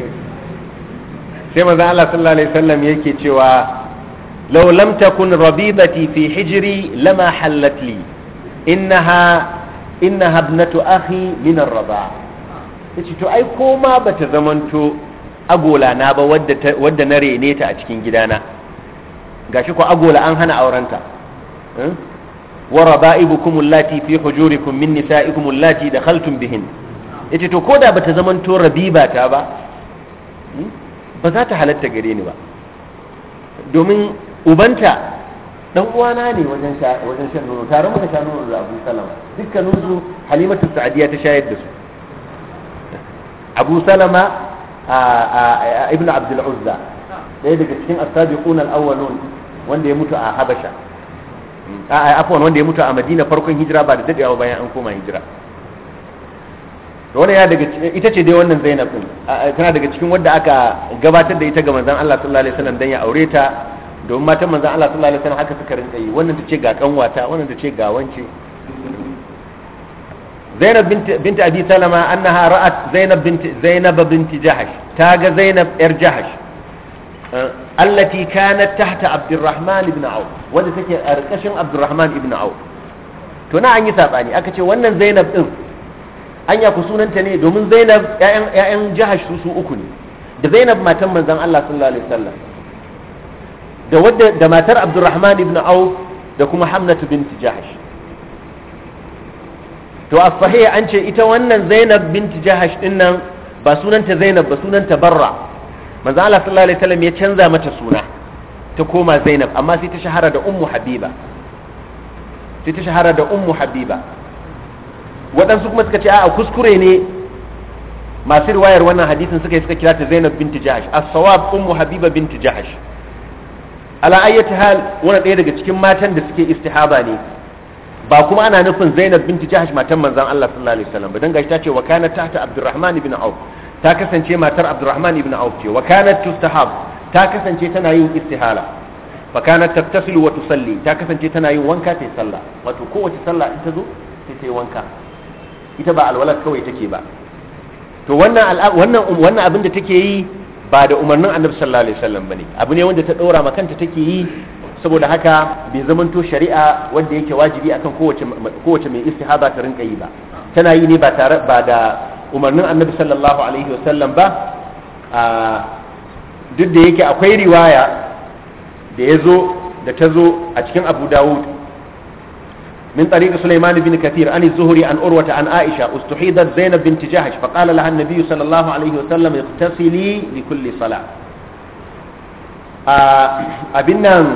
[LAUGHS] sai manzan Allah sallallahu alaihi wasallam yake cewa لو لم تكن ربيبتي في حجري لما حلت لي إنها إنها ابنة أخي من الرضاع yace to ai ko ma bata zamanto agola na ba wadda wadda na rene ta a cikin gidana gashi ko agola an hana aurenta wa raba'ibukum allati fi hujurikum min nisa'ikum allati dakhaltum bihin yace to koda bata zamanto rabiba ta ba ba za ta halatta gare ni ba domin ubanta dan uwana ne wajen wajen shan nono tare da sha nono da Abu Salama dukkanin su Halimatu Sa'diya ta shayar da su Abu Salama ibn Abdul Uzza ɗaya daga cikin as-sabiqun al-awwalun wanda ya mutu a Habasha a afwan wanda ya mutu a Madina farkon hijira ba da dadewa bayan an koma hijira wannan ya daga ita ce dai wannan Zainab din tana daga cikin wanda aka gabatar da ita ga manzon Allah sallallahu alaihi wasallam dan ya aure ta domin matan manzan Allah sallallahu alaihi wasallam haka suka rinka yi wannan ta ce ga kanwata wannan ta ce ga wance Zainab binti Abi Salama annaha ra'at Zainab binti Zainab binti Jahash ta ga Zainab yar Jahash eh, allati kanat tahta Abdurrahman ibn Auf wanda take a ƙarƙashin Abdurrahman ibn Auf to na an yi sabani aka ce wannan Zainab din an ya ku sunanta ne domin Zainab ƴaƴan ƴaƴan Jahash su su uku ne da Zainab matan manzon Allah sallallahu alaihi wasallam da wadda da matar abdurrahman ibn auf da kuma hamnatu bint jahash to a sahiha an ce ita wannan zainab bint jahash din nan ba sunanta zainab ba sunanta barra manzo Allah sallallahu alaihi wasallam ya canza mata suna ta koma zainab amma sai ta shahara da ummu habiba sai ta shahara da ummu habiba waɗansu kuma suka ce a kuskure ne masu riwayar wannan hadisin suka yi suka kira ta zainab binti jahash as-sawab ummu habiba binti jahash ala ayyati hal wani ɗaya daga cikin matan da suke istihaba ne ba kuma ana nufin Zainab binti Jahash matan manzon Allah sallallahu alaihi wasallam ba dan gashi ta ce wa kanat tahta Abdurrahman ibn Auf ta kasance matar Abdurrahman ibn Auf ce wa kana tustahab ta kasance tana yin istihala fa kana tattasilu wa tusalli ta kasance tana yin wanka ta sallah wato kowace sallah in ta zo sai ta yi wanka ita ba alwalar kawai take ba to wannan wannan wannan abin da take yi ba da umarnin annabi sallallahu alaihi wasallam bane abu ne wanda ta ɗora ma kanta take yi saboda haka bai zamanto shari'a wanda yake wajibi akan kowace kowace mai istihaba ta rinka yi ba tana yi ne ba tare ba da umarnin annabi sallallahu alaihi wasallam ba duk da yake akwai riwaya da ya zo da ta zo a cikin abu dawud من طريق سليمان بن كثير عن الزهري عن أروة عن عائشة استحيدت زينب بنت جهش فقال لها النبي صلى الله عليه وسلم اغتسلي لكل صلاة آه، أبنا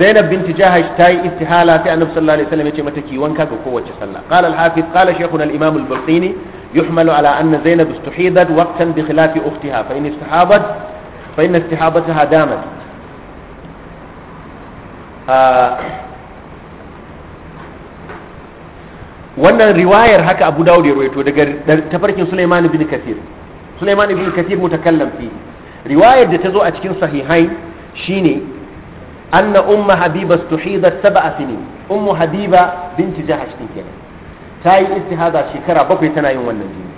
زينب بنت جهش تاي استحالة في النبي صلى الله عليه وسلم يتم تكي وانكا قوة صلى قال الحافظ قال شيخنا الإمام البلقيني يحمل على أن زينب استحيدت وقتا بخلاف أختها فإن استحابت فإن استحابتها دامت آه wannan riwayar haka abu dawud ya rawaito daga tafarkin sulaiman ibn kathir sulaiman ibn kathir mutakallam fi riwayar da ta zo a cikin sahihain shine anna umma habiba stuhidat sab'a sinin ummu habiba binti jahash din kenan ta yi istihaza shekara bakwai tana yin wannan jini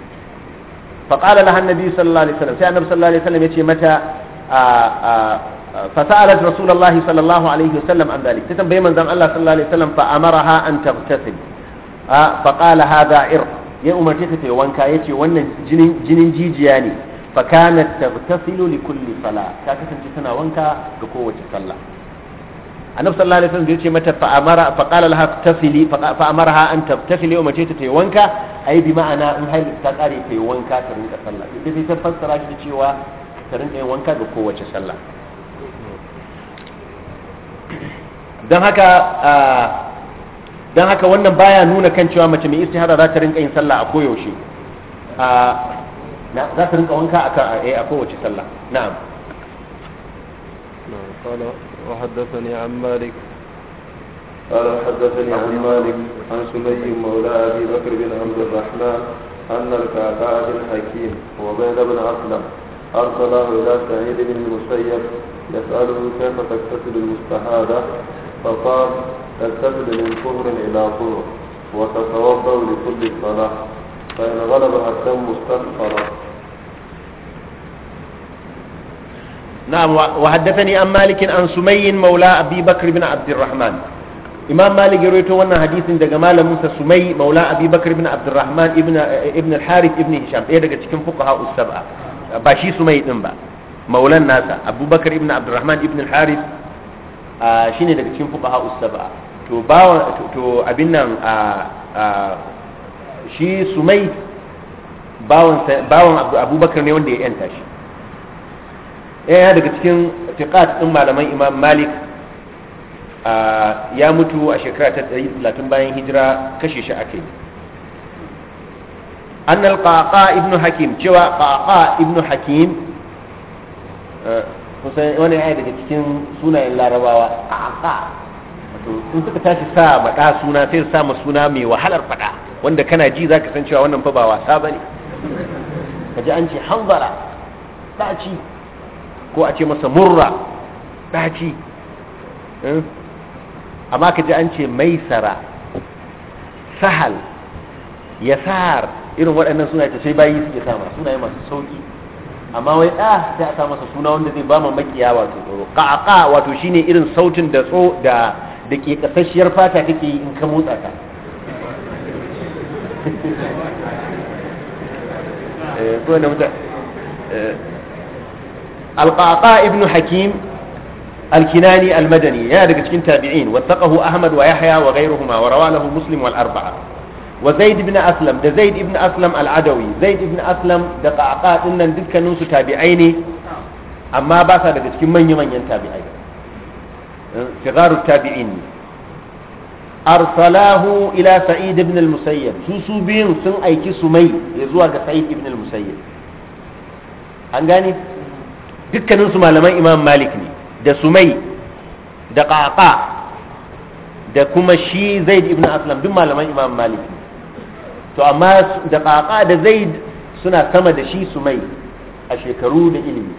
faqala laha annabi sallallahu alaihi wasallam sai annabi sallallahu alaihi wasallam yace mata فسألت رسول الله صلى الله عليه وسلم عن ذلك تتم بيمن ذن الله صلى الله عليه وسلم فأمرها أن تغتسل a faƙala haza ir ya umarce ta ta wanka ya ce wannan jinin jijiya ne ta tabtasilu li kulli sala ta kasance tana wanka ga kowace sallah annabi sallallahu alaihi wasallam ya ce mata fa amara fa qala laha tasili fa amaraha an tabtasili wa mace ta tayi wanka ai bi ma'ana in haili ta kare tayi wanka ta rinka sallah ita sai ta fassara shi cewa ta rinka yin wanka ga kowace sallah don haka dan haka wannan baya nuna kan cewa mace mai istihara za ta rinka yin sallah a koyaushe a za ta rinka wanka a kan eh, a kowace sallah na'am قال وحدثني عن مالك قال حدثني عن مالك عن سمي مولى ابي بكر بن عبد الرحمن ان الكعكاء بن حكيم وبيد بن اسلم ارسله الى سعيد بن المسيب يساله كيف تغتسل المستحاده استطاع تستبدل من طهر إلى طهر وتتوضأ لكل صلاة فإن غلبها الدم استغفر نعم وحدثني عن مالك عن سمي مولى أبي بكر بن عبد الرحمن إمام مالك رويته وانا حديث جمال موسى سمي مولى أبي بكر بن عبد الرحمن ابن, ابن الحارث ابن هشام إيه دقا تكن فقهاء السبعة باشي سمي إنبا مولى الناس أبو بكر ابن عبد الرحمن ابن الحارث shine daga cikin fuqaha usaba to bawa to abin nan shi sumai bawan bawan abubakar ne wanda ya yanta shi ya daga cikin tiqat din malaman imam malik ya mutu a shekara ta 30 bayan hijira kashe shi ake yi an alqaqa ibnu hakim cewa qaqa ibnu hakim kusan wani ya daga cikin sunayen larabawa a asa wato sun suka tashi sa maɗa suna sai su sama suna mai wahalar faɗa wanda kana ji zaka san cewa wannan fa ba wasa bane kaji an ce hanzara ɗaci ko a ce masa murra ɗaci eh? amma ji an ce maisara sahal yasar irin waɗannan suna ta sai bayi suke sama sunaye masu sauki amma wai ah sai a sa masa suna wanda zai ba ma makiya wato tsoro qaqa wato shine irin sautin da tso da da ke kasasshiyar fata kake yi in ka motsa ka القعقاع ابن حكيم الكناني المدني يا ahmad wa yahya wa ghayruhuma wa وروى muslim wal arba'a wa zaid ibn aslam da zaid ibn aslam al-adawi zaid ibn aslam da qaqa dinnan dukkanin su tabi'ai ne amma ba sa daga cikin manya-manyan tabi'ai eh, sigaru tabi'in ne arsalahu ila sa'id ibn al-musayyib su su biyun sun aiki sumai ya zuwa ga sa'id ibn al-musayyib an gane dukkanin su malaman imam malik ne da sumai da qaqa da kuma shi zaid ibn aslam duk malaman imam malik ne to amma da ƙaƙa da zaid suna sama da shi su mai a shekaru da ilimi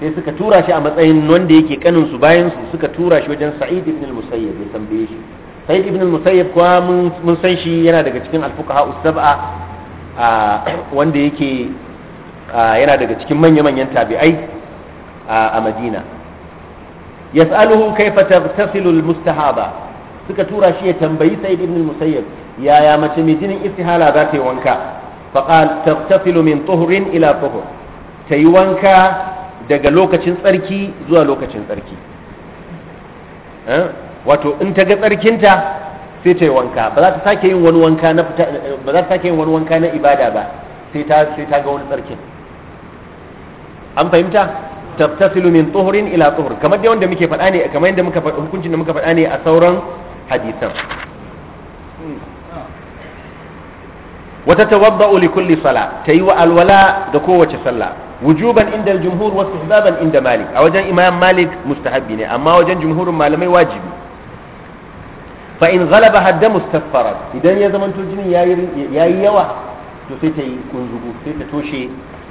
sai suka tura shi a matsayin wanda yake kanin su bayan su suka tura shi wajen sa'id ibn al-musayyib ya tambaye shi sa'id ibn al-musayyib kuwa mun san shi yana daga cikin al-fuqaha us-sab'a wanda yake yana daga cikin manya-manyan tabi'ai a Madina yas'aluhu kayfa taghtasilu al-mustahaba suka tura shi ya tambayi sa'id ibn musayyab yaya mace mai jinin istihala za ta yi wanka faqal taghtasilu min tuhrin ila tuhur ta yi wanka daga lokacin tsarki zuwa lokacin tsarki wato in ta ga tsarkinta sai ta yi wanka ba za ta sake yin wani wanka na fita ba za ta sake yin wani wanka na ibada ba sai ta sai ta ga wani tsarkin an fahimta taftasilu min tuhrin ila tuhur kamar da wanda muke faɗa ne kamar yadda muka hukuncin da muka faɗa ne a sauran wata tawadda'u li kulli sala yi wa alwala da kowace sallah wujuban inda al-jumhur wa istihbaban inda malik a wajen imam malik mustahabbi ne amma wajen jumhurin malamai wajibi fa'in galaba ghalaba hadda mustaffara idan ya zama to jinin yayi yawa to sai ta yi kunzugu sai ta toshe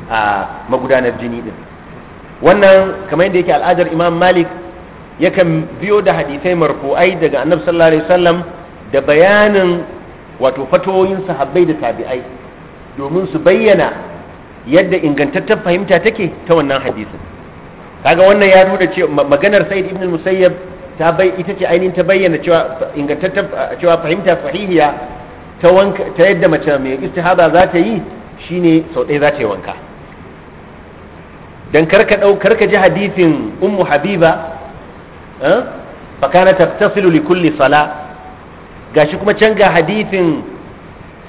a ah, magudanar jini din wannan kamar yadda yake al'adar imam malik yakan biyo da hadisai marfu'ai daga annabi sallallahu alaihi wasallam da bayanin wato fatoyin sahabbai da tabi'ai domin su bayyana yadda ingantaccen fahimta take ta wannan hadisin kaga wannan ya nuna ce maganar Sa'id ibn Musayyab ta bai ita ce ainihin ta bayyana cewa ingantaccen cewa fahimta sahihiya ta wanka ta yadda mace mai istihaba za ta yi shine sau ɗaya za ta yi wanka dan karka dau karka ji hadisin ummu habiba Eh? fakana taftasilu li kulli sala gashi kuma can ga hadithin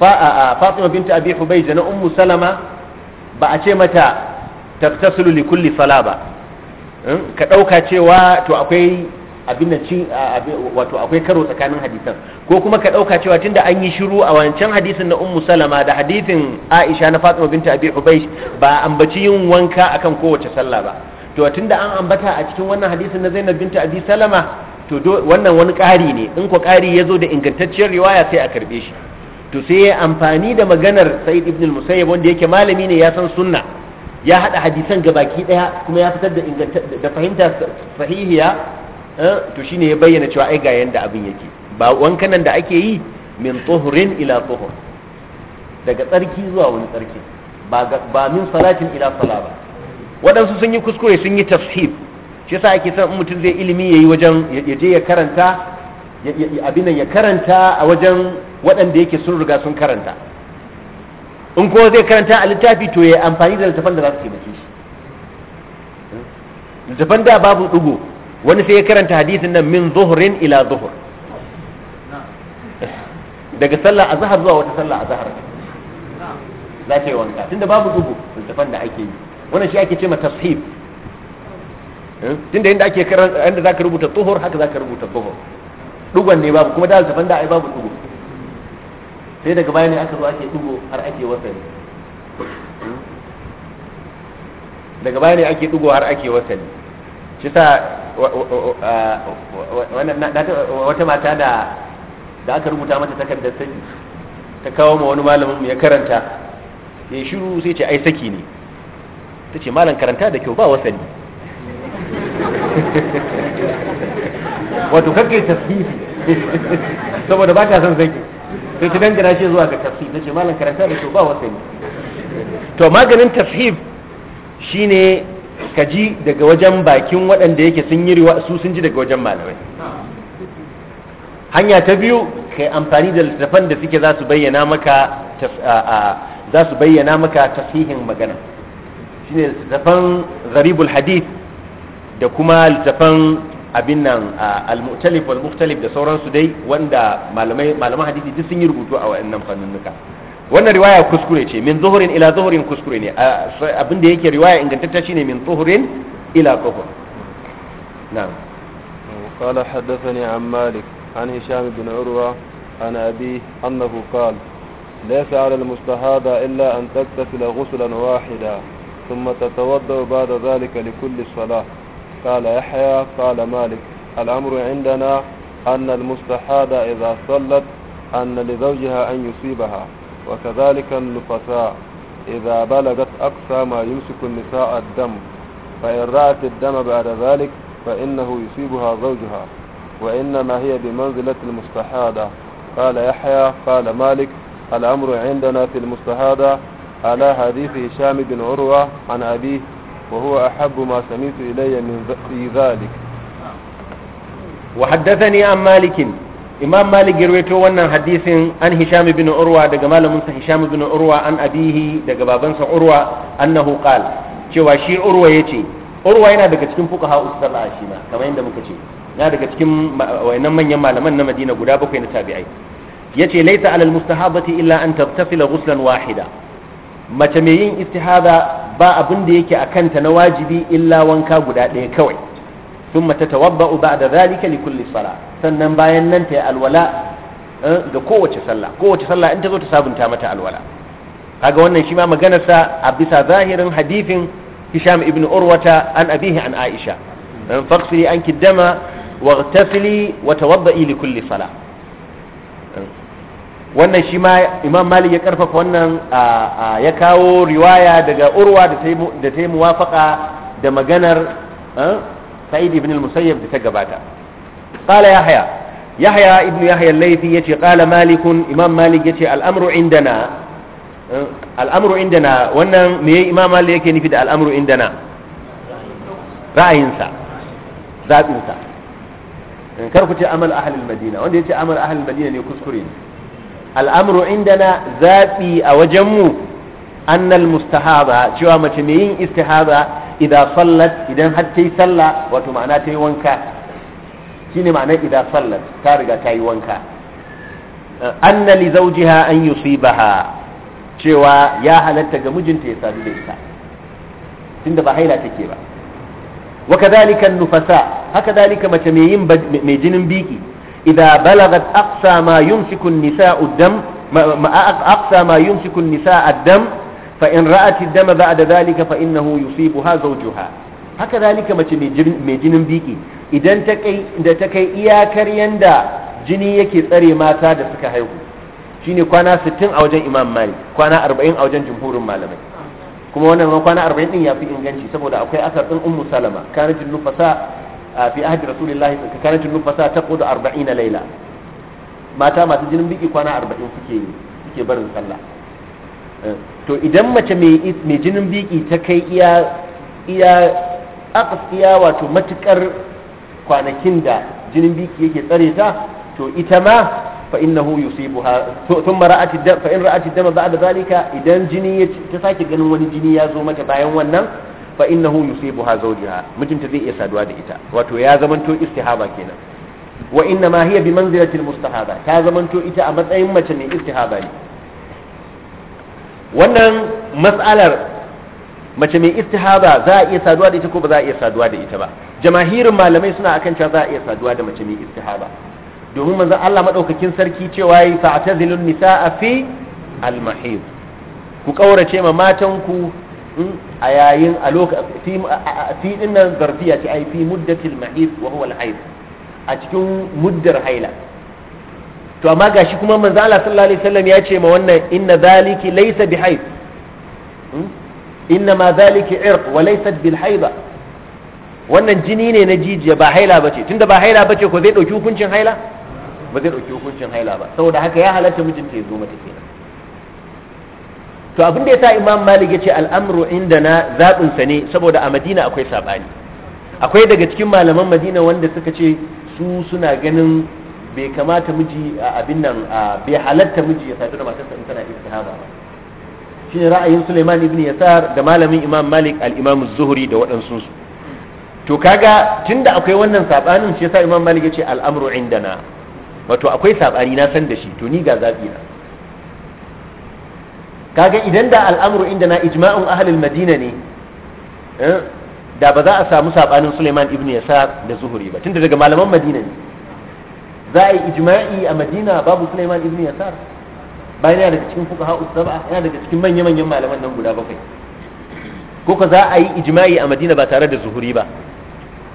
Fatima binta Abi Hubayja na Ummu Salama ba a ce mata taftasilu li kulli sala ba eh? ka dauka cewa to akwai abin ci wato akwai karo tsakanin hadisan ko kuma ka dauka cewa tunda an yi shiru a wancan hadisin na Ummu Salama da hadithin Aisha na Fatima binta Abi Hubayj ba ambaci yin wanka akan kowace sallah ba to tunda an ambata a cikin wannan hadisin na Zainab binta Abi Salama to wannan wani ƙari ne in ko ƙari ya zo da ingantacciyar riwaya sai a karbe shi to sai ya amfani da maganar Sa'id ibn al wanda yake malami ne ya san sunna ya hada hadisan baki daya kuma ya fitar da da fahimta sahihiya eh, to shine ya bayyana cewa ai ga yanda abin yake ba wankan nan da ake yi min tuhrin ila tuhur daga tsarki zuwa wani tsarki ba min salatin ila salaba ba waɗansu sun yi kuskure sun yi tafsir shi yasa ake son mutum zai ilimi yayi wajen ya je ya karanta abin nan ya karanta a wajen waɗanda yake sun riga sun karanta in ko zai karanta a littafi to ya amfani da littafan da za su taimake shi littafan da babu ɗugo wani sai ya karanta hadisin nan min zuhurin ila zuhur daga sallah azhar zuwa wata sallah azhar za ta yi wanka tunda babu ɗugo littafan da ake yi wannan shi ake ce ma tashib eh? tunda inda ake karanta inda zaka rubuta tuhur haka zaka rubuta tuhur dugon ne babu kuma da alsafan da ai babu dugo sai daga baya ne aka zo ake dugo har ake wasali hmm? daga baya ne ake dugo har ake wasali shi sa wata mata da da aka rubuta mata takardar saki ta kawo ma wani malamin ya karanta ya shiru sai ce ai saki ne ta ce malam karanta da kyau ba wasani wato kakai tasfifi saboda ba ka son zaki sai ta dangana shi zuwa ga tasfif ta ce malam karanta da kyau ba wasani to maganin tasfif shine ka ji daga wajen bakin waɗanda yake sun yi riwa su sun ji daga wajen malamai hanya ta biyu kai amfani da littattafan da suke za su bayyana maka za su bayyana maka tasihin magana shine littafan gharibul hadith da kuma littafan abin nan al-mu'talif wal mukhtalif da sauransu dai wanda malamai malaman hadisi duk sun yi rubutu a wayannan fannunuka wannan riwaya kuskure ce min zuhurin ila zuhurin kuskure ne abin da yake riwaya ingantacce shine min zuhurin ila zuhur na'am qala hadathani an malik an hisham bin urwa an abi annahu qala laysa 'ala al-mustahada illa an taghtasila ghuslan wahida ثم تتوضأ بعد ذلك لكل صلاة قال يحيى قال مالك الأمر عندنا أن المستحادة إذا صلت أن لزوجها أن يصيبها وكذلك النفساء إذا بلغت أقصى ما يمسك النساء الدم فإن رأت الدم بعد ذلك فإنه يصيبها زوجها وإنما هي بمنزلة المستحادة قال يحيى قال مالك الأمر عندنا في المستحادة على حديث هشام بن عروة عن أبيه وهو أحب ما سمعت إلي من في ذلك وحدثني عن مالك إمام مالك رويته وانا حديث عن هشام بن عروة دقمال منسى هشام بن عروة عن أبيه دقبابنسى عروة أنه قال cewa shi urwa ya ce urwa yana daga cikin fuka ha'u sallah muka ce na daga cikin wayannan manyan malaman na madina guda bakwai na tabi'ai ya ce laisa alal mustahabati illa an tabtasila ghuslan wahida mace mai yin istihada ba abin da yake a kanta na wajibi illa wanka guda ɗaya kawai sun mata tawabba'u ba da zalika li kulli sala sannan bayan nan ta yi alwala eh, ga kowace sallah kowace sallah in ta zo ta sabunta mata alwala kaga wannan shi ma maganarsa a bisa zahirin hadifin hisham ibn urwata an abihi an aisha faksili an kiddama واغتسلي وتوضئي لكل صلاه wannan shi ma imam malik ya karfafa wannan ya kawo riwaya daga urwa da ta yi muwafaka da maganar sa'id ibn al-musayyab da ta gabata qala yahya yahya ibn yahya al-laythi yace qala malik imam malik yace al-amru indana al-amru indana wannan me imam malik yake nufi da al-amru indana ra'ayinsa zabinsa kar ku ce amal al madina wanda yace amal al madina ne kuskure ne al'amru indana zaɓi a wajenmu annal mustahaba cewa mace mai yin istihaba idan sallat idan har ta yi sallah wato ma'ana ta yi wanka shine ma'ana idan sallat ta riga ta yi wanka anna li zawjiha an yusibaha cewa ya halatta ga mijinta ya sadu da ita tunda ba haila take ba wa kadhalika an-nufasa haka dalika mace mai yin mai jinin biki إذا بلغت أقصى ما يمسك النساء الدم ما أقصى ما يمسك النساء الدم فإن رأت الدم بعد ذلك فإنه يصيبها زوجها هكذا لك ما تجن بك إ ذ ا انت كي كريان دا جنيك اري ما تاد فك شيني كنا ستين أ جن إ مالي كنا أ ر جن جمهور مالي كنا أ ر ب ع ي ن يا في انجنشي ان ام سلمى كانت النفساء fi ahdi rasulillahi kanat nufasa taqudu 40 laila mata masu jinin biki kwana 40 suke barin sallah to idan mace mai jinin biki ta kai iya iya aqsiya wato matukar kwanakin da jinin biki yake tsare ta to ita ma fa innahu yusibuha thumma ra'at fa in ra'at dama ba'da zalika idan jini ta sake ganin wani jini ya zo mata bayan wannan fa innahu yusibuha zawjaha mijinta zai iya saduwa da ita wato ya zamanto istihaba kenan wa inna ma hiya bi manzilati almustahaba ta zamanto ita a matsayin mace ne istihaba ne wannan mas'alar mace mai istihaba za a iya saduwa da ita ko ba za a iya saduwa da ita ba jamahirin malamai suna akan cewa za a iya saduwa da mace mai istihaba domin manzon Allah madaukakin sarki cewa yi fa'tazilun nisaa fi almahid ku kaurace ma matan ku a yayin a lokacin fi din nan zarfiya ce ai fi muddatil mahid wa huwa al-haid a cikin muddar haila to amma gashi kuma manzo Allah sallallahu alaihi wasallam ya ce ma wannan inna zaliki laysa bihaid hmm? inna ma zaliki irq wa laysat bil haida wannan jini ne na jijiya ba haila bace tunda ba haila bace ko zai dauki hukuncin haila ba zai dauki hukuncin haila ba saboda haka ya halatta mijinta ya zo mata kenan to abin da ya sa imam malik yace al'amru indana zabin sa ne saboda a madina akwai sabani akwai daga cikin malaman madina wanda suka ce su suna ganin bai kamata miji a abin nan bai halatta miji ya sadu da matarsa in tana istihaba ba ne ra'ayin Suleiman ibn Yasar da malamin Imam Malik al-Imam zuhri da waɗansu su to kaga tunda akwai wannan sabanin shi yasa Imam Malik ya ce al'amru indana wato akwai sabani na san da shi to ni ga zabi na kaga idan da al'amuru inda na ijma'un ahlul madina ne eh, da ba za a samu sabanin Suleiman ibn Yasar da Zuhuri ba tunda daga malaman Madina ne za a yi ijma'i a Madina babu Suleiman ibn Yasar ba yana daga cikin fuqaha usaba yana daga cikin manya manyan malaman nan guda bakwai ko ka za a yi ijma'i a Madina ba tare da Zuhuri ba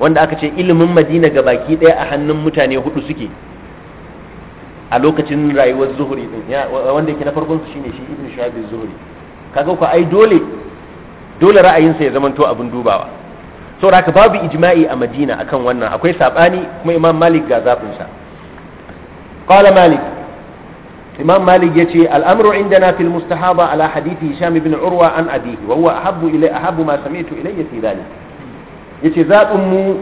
wanda aka ce ilimin Madina ga baki daya a hannun mutane hudu suke a lokacin rayuwar zuhuri din wanda yake na farkon su shine shi ibn shahab az-zuhri kaga ko ai dole dole ra'ayinsa ya zamanto abin dubawa saboda haka babu ijma'i a madina akan wannan akwai sabani kuma imam malik ga zafin sa qala malik imam malik yace al-amru indana fil mustahaba ala hadithi hisham ibn urwa an abihi wa huwa ahabbu ila ahabbu ma sami'tu ilayya fi dhalik yace zabin mu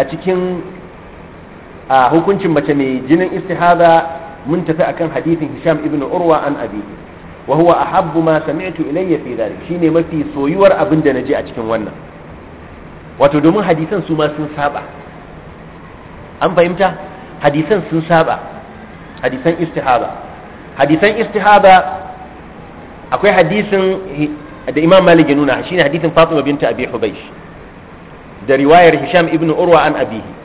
a cikin a hukuncin mace mai jinin istihada mun tafi akan hadisin Hisham ibn Urwa an abi wa huwa ahabbu ma sami'tu ilayya fi dhalik shine mafi soyuwar abin da naji a cikin wannan wato domin hadisan su ma sun saba an fahimta hadisan sun saba hadisan istihada hadisan istihada akwai hadisin da Imam Malik ya nuna shine hadisin Fatima binta Abi Hubaysh da riwayar Hisham ibn Urwa an abihi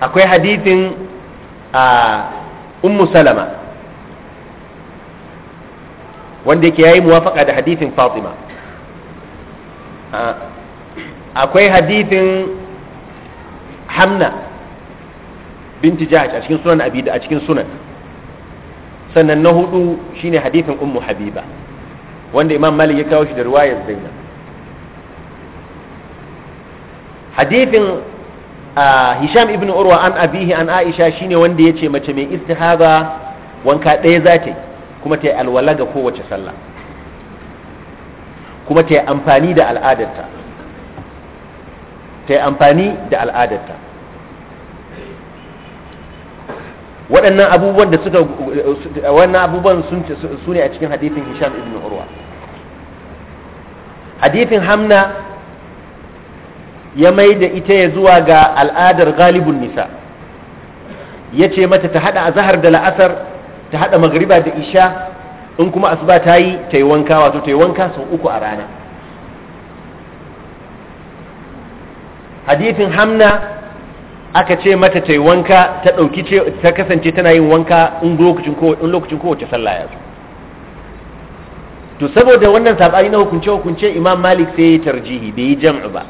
akwai hadithin a ummu salama wanda yake yayi muwafaka da hadithin fatima akwai hadithin hamna binti jahaj a cikin sunan abi a cikin sunan sannan na hudu shine hadithin ummu habiba wanda imam malik ya kawo shi da riwayar zainab hadithin hisham ibn urwa an abihi an aisha shine wanda yace mace mai istihaba wanka ɗaya za ta kuma ta yi alwala ga kowace sallah kuma ta yi amfani da al'adarta ta yi amfani da al'adarta waɗannan abubuwan da suka wannan abubuwan su ne a cikin hadithin hisham ibn urwa hadithin hamna ya mai da ita ya zuwa ga al'adar galibin nisa ya ce mata ta haɗa azahar da la'asar ta haɗa magariba da isha in kuma asuba ta yi ta yi wanka wato ta yi wanka sau uku a rana hadithin hamna aka ce mata ta yi wanka ta ɗauki ce ta kasance tana yin wanka in lokacin kowace sallah ya zo to saboda wannan saɓani na hukunce hukunce imam malik sai ya tarjihi bai yi jam'u ba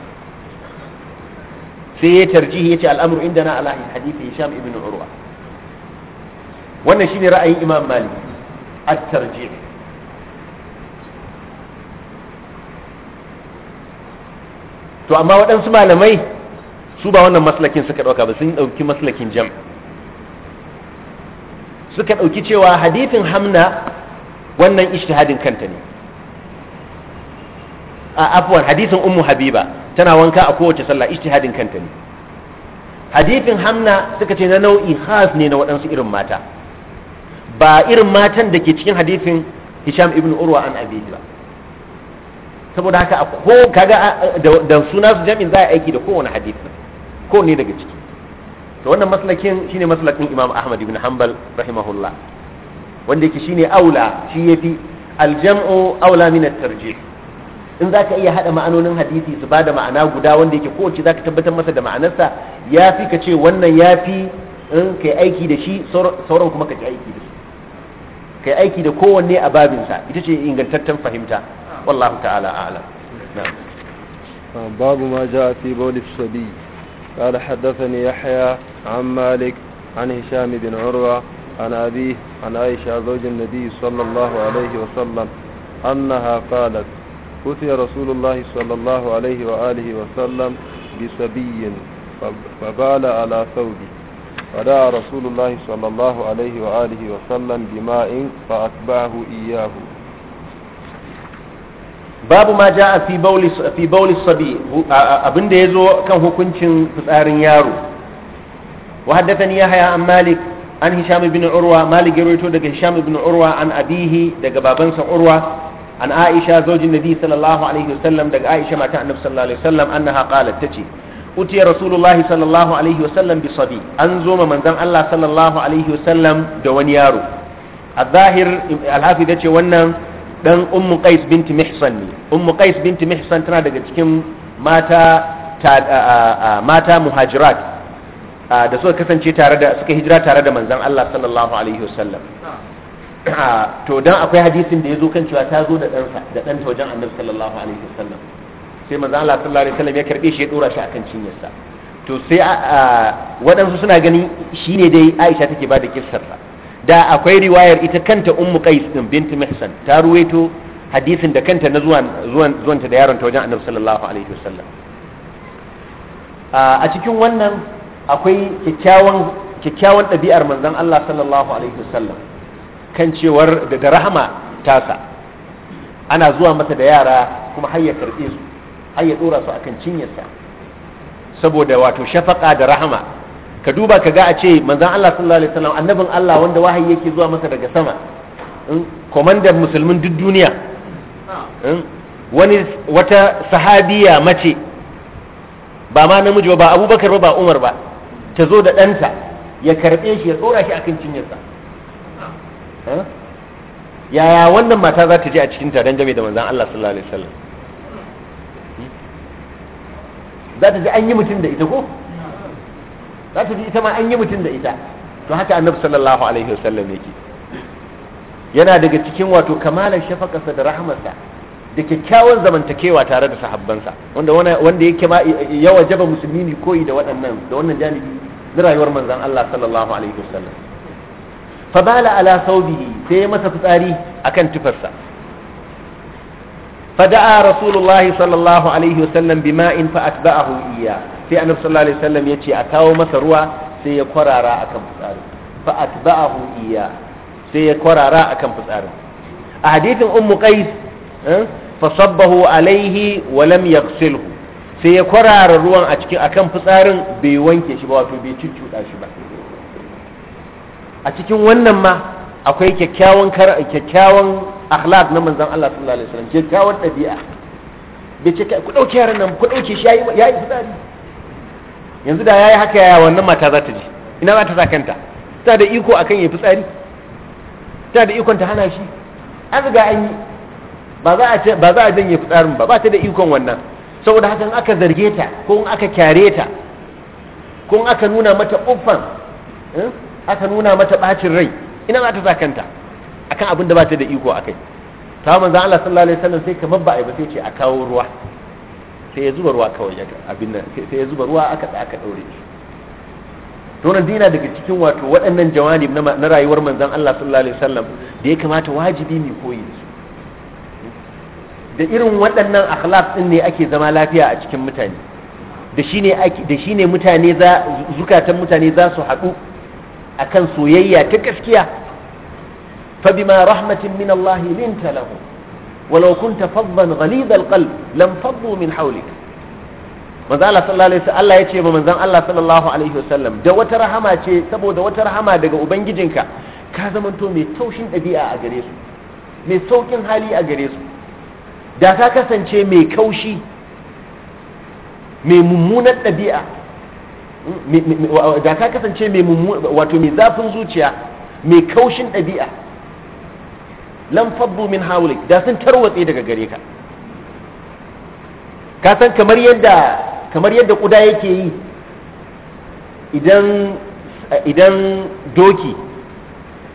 sai ya tarjihi yace al'amru indana ala hadithi hisham ibn urwa wannan shine ra'ayin imam malik at-tarjih to amma waɗansu malamai su ba wannan maslakin suka ɗauka ba sun ɗauki maslakin jam suka ɗauki cewa hadithin hamna wannan ishtihadin kanta ne a afwan hadithin ummu habiba tana wanka a kowace sallah ijtihadin kanta ne hadifin hamna suka ce na nau'i khas ne na waɗansu irin mata ba irin matan da ke cikin hadifin hisham ibn urwa an abihi ba saboda haka ko kaga da suna su jami'in za a aiki da kowane hadifin ko ne daga ciki to wannan maslakin shine maslakin imam ahmad ibn hanbal rahimahullah wanda yake shine aula shi yafi aljam'u aula min at-tarjih in za ka iya haɗa ma'anonin hadisi su ba da ma'ana guda wanda yake kowace za ka tabbatar masa da ma'anarsa ya fi ka ce wannan ya fi in kai aiki da shi sauran kuma ka ji aiki da su kai aiki da kowanne a babinsa ita ce ingantaccen fahimta wallahu ta'ala a'lam babu ma ja fi bawli sabi قال حدثني يحيى عن مالك عن هشام بن عروة عن أبيه عن عائشة زوج النبي صلى الله عليه وسلم أنها قالت أتي رسول الله صلى الله عليه وآله وسلم بسبي فبال على ثوبه فدعا رسول الله صلى babu ma ja'a fi bauli fi bauli sabi abinda yazo kan hukuncin fitsarin yaro wa haddathani yahya an malik an hisham ibn urwa malik ya daga hisham bin urwa an abihi daga babansa urwa an aisha zaujin nabi sallallahu alaihi wasallam daga aisha mata annabi sallallahu alaihi wasallam annaha qalat tace utiya rasulullahi sallallahu alaihi wasallam bi sabi an zo ma manzon Allah sallallahu alaihi wasallam da wani yaro al-zahir al dace wannan dan ummu qais binti mihsan ne ummu qais binti mihsan tana daga cikin mata mata muhajirat da suka kasance tare da suka hijira tare da manzon Allah sallallahu alaihi wasallam [COUGHS] to dan akwai hadisin da ya zo kan cewa ta zo da ɗansa da ɗanta wajen annabi sallallahu alaihi wasallam sai manzo Allah sallallahu alaihi wasallam ya karbe shi ya dora shi akan cinyarsa to sai waɗansu suna ganin shine dai Aisha take ba da kissar da akwai riwayar ita kanta ummu qais din bint mihsan ta ruwaito hadisin da kanta na zuwan zuwan zuwanta da yaron ta wajen annabi sallallahu alaihi wasallam a cikin wannan akwai kyakkyawan kyakkyawan ɗabi'ar manzon Allah sallallahu alaihi wasallam kan cewar da rahama tasa ana zuwa masa da yara kuma har ya karbe su har ya su akan cinyarsa saboda wato shafaka da rahama ka duba ka ga a ce manzan Allah sallallahu alaihi wasallam annabin Allah wanda wahayi yake zuwa masa daga sama hmm, komandan musulmin duk duniya hmm, wani wata sahabiya mace ba ma namiji ba ba abubakar ba ba umar ba ta zo da ɗanta ya karɓe shi ya tsora shi akan cinyarsa yaya wannan mata za ta je a cikin taron game da manzan Allah sallallahu alaihi wasallam hmm? za ta ji an yi mutum da ita ko za ta ji ita ma an yi mutum da ita to haka annabi sallallahu alaihi wasallam yake yana daga cikin wato kamalar shafakarsa da rahamarsa da kyakkyawan zamantakewa tare da sahabbansa wanda wanda yake ma ya wajaba musulmi ne koyi da waɗannan da wannan janibi na rayuwar manzan Allah sallallahu alaihi wasallam fa bala ala saubihi sai masa fitsari akan tufarsa fa da'a rasulullah sallallahu alaihi wasallam bima in fa atba'ahu iya sai annabi sallallahu alaihi wasallam yace a kawo masa ruwa sai ya kwarara akan fitsari fa atba'ahu iya sai ya kwarara akan fitsari a hadithin ummu qais eh, fa sabbahu alaihi wa lam yaghsilhu sai ya kwarara ruwan a cikin akan fitsarin bai wanke shi ba wato bai cuccuda shi ba a cikin wannan ma akwai kyakkyawan kyakkyawan akhlaq na manzon Allah sallallahu alaihi wasallam kyakkyawan ɗabi'a bai ce ku dauke yaran nan ku ɗauke shi ya yi fitsari yanzu da ya yi haka yaya wannan mata za ta ji ina za ta sa kanta ta da iko akan ya fitsari ta da ikon ta hana shi an riga an yi ba za a ce ba za a janye fitsarin ba ba ta da ikon wannan saboda hakan aka zarge ta ko aka kyare ta ko aka nuna mata uffan eh, aka nuna mata bacin rai ina za ta takanta kanta akan abin da ba ta da iko akai ta manzan Allah sallallahu alaihi wasallam sai kamar ba ai ba sai ce a kawo ruwa sai ya zuba ruwa kawai ya abin nan sai ya zuba ruwa aka aka daure shi to nan dina daga cikin wato waɗannan jawanib na rayuwar manzon Allah sallallahu alaihi wasallam da ya kamata wajibi mu koyi da su da irin waɗannan akhlaq din ne ake zama lafiya a cikin mutane da shine da shine mutane za zukatan mutane za su haɗu akan soyayya ta gaskiya fa bima rahmatin min Allah linta lahu walau kunta faddan ghalid alqalb lam faddu min hawlik manzo Allah sallallahu alaihi wasallam ya ce ma manzon Allah sallallahu alaihi wasallam da wata rahama ce saboda wata rahama daga ubangijinka ka zamanto mai taushin ɗabi'a a gare su mai saukin hali a gare su da ka kasance mai kaushi mai mummunar ɗabi'a da ka kasance mai wato mai zafin zuciya mai kaushin ɗabi'a lan fabbu min hauli, da sun tarwatse daga gare ka ka san kamar yadda kamar yadda kuda yake yi idan idan doki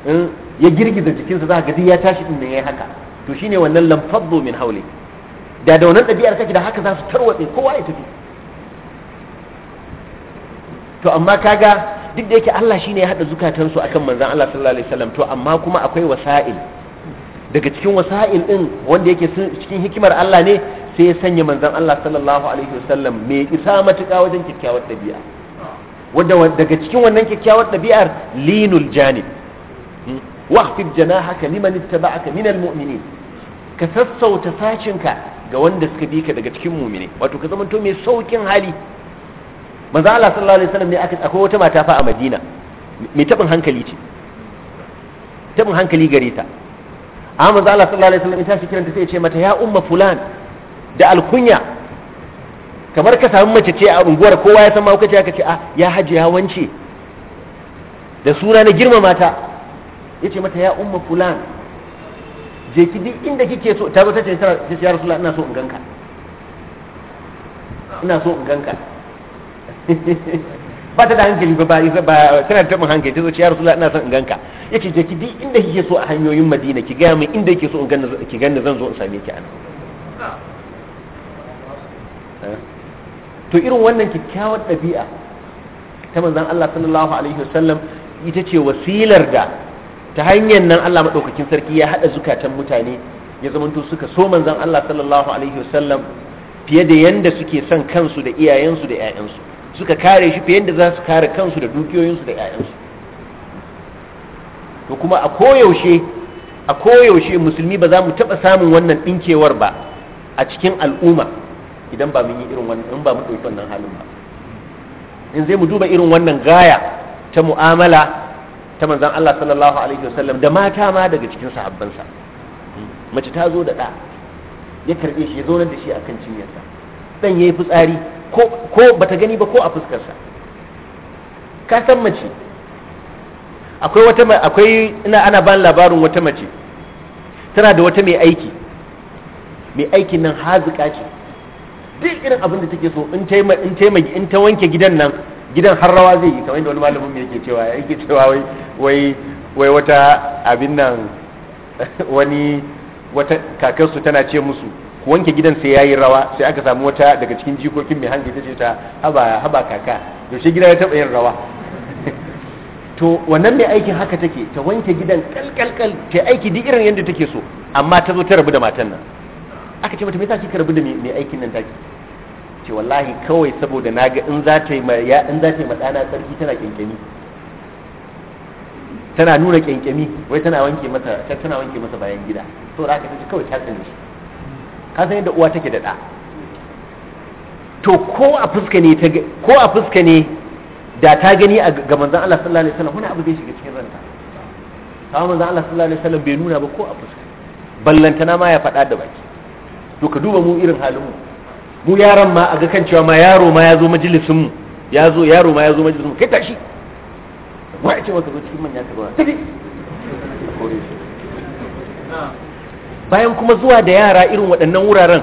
eh, ya girgiza jikinsa za ka ga ya tashi din yayi haka to shine wannan lan fabbu min hauli. da da wannan ɗabi'ar kake da haka za su tarwatse kowa ya tafi to amma kaga duk da yake Allah shine ya hada zukatansu akan manzon Allah sallallahu alaihi wasallam to amma kuma akwai wasa'il daga cikin wasa'il din wanda yake cikin hikimar Allah ne sai ya sanya manzon Allah sallallahu alaihi wasallam mai isa matuƙa wajen kyakkyawar ɗabi'a wanda daga cikin wannan kyakkyawar ɗabi'ar linul janib hmm? wahfid janahaka liman ittaba'aka min almu'minin ka sassauta sacinka ga wanda suka bi ka daga cikin mu'mine wato ka zama to mai saukin hali manzo Allah sallallahu alaihi wasallam ne aka akwai wata mata fa a Madina mai tabin hankali ce tabin hankali gare ta amma manzo Allah sallallahu alaihi wasallam ita shi kiranta sai ya ce mata ya umma fulan da alkunya kamar ka samu mace ce a unguwar kowa ya san ma kuka ce aka ah, ce a ya haji ya wance da sura na girma mata yace mata ya umma fulan je ki duk inda kike so ta zo ta ce ya rasulullah ina so in ganka ina so in ganka [LAUGHS] ba ta da hankali ba ba tana da taɓin hankali ta zo ya rasulullah ina son in ganka ya ce ki bi inda kike so a hanyoyin madina ki gaya min inda kike so in ganna ki ganna zan zo in same ki anan eh? to irin wannan kyakkyawar ɗabi'a ta manzon Allah sallallahu alaihi wasallam ita ce wasilar da ta hanyar nan Allah madaukakin sarki ya hada zukatan mutane ya zamanto suka so manzon Allah sallallahu alaihi wasallam fiye da yanda suke son kansu da iyayensu da 'ya'yansu suka kare shi fiye da za su kare kansu da dukiyoyinsu da 'ya'yansu to kuma a koyaushe a koyaushe musulmi ba za mu taɓa samun wannan ɗinkewar ba a cikin al'umma idan ba mun yi irin wannan in ba mu ɗauki wannan halin ba in zai mu duba irin wannan gaya ta mu'amala ta manzan Allah sallallahu alaihi wasallam da mata ma daga cikin sahabbansa mace ta zo da ɗa ya karɓe shi ya zaunar da shi akan cinyarsa dan yayi fitsari ko ba ta gani ba ko a fuskarsa ka san mace akwai wata akwai ina ana ban labarin wata mace tana da wata mai aiki mai aikin nan hazuka ce duk irin abin da take so in taima in ta in ta wanke gidan nan gidan har rawa zai yi kamar yadda wani malamin mu yake cewa yake cewa wai wai wai wata abin nan [LAUGHS] wani wata kakarsu tana ce musu wanke gidan sai yayi rawa sai aka samu wata daga cikin jikokin mai hanji tace ta haba haba kaka yaushe gida ya taba yin rawa [LAUGHS] to wannan mai aikin haka take ta wanke gidan kalkalkal ta aiki duk irin yadda take so amma ta zo ta rabu da matan nan aka ce mata me zaki ka rabu da mai aikin nan take ce wallahi kawai saboda naga in za ta ya in za ta yi ma sarki tana kenkeni tana nuna kyankyami wai tana wanke masa tana wanke masa bayan gida to da aka ce kawai ta tsane ka san yadda uwa take da ɗa to ko a fuska ne ta ko a fuska ne da ta gani a ga manzon Allah sallallahu alaihi wasallam wani abu zai shiga cikin ranta kawai manzon Allah sallallahu alaihi wasallam bai nuna ba ko a fuska ballantana ma ya faɗa da baki to ka duba mu irin halin mu mu yaran ma a ga kan cewa ma yaro ma ya zo majalisin mu ya zo yaro ma ya zo majalisin mu kai tashi wai ce maka zo cikin manya ka ba tafi bayan kuma zuwa da yara irin waɗannan wuraren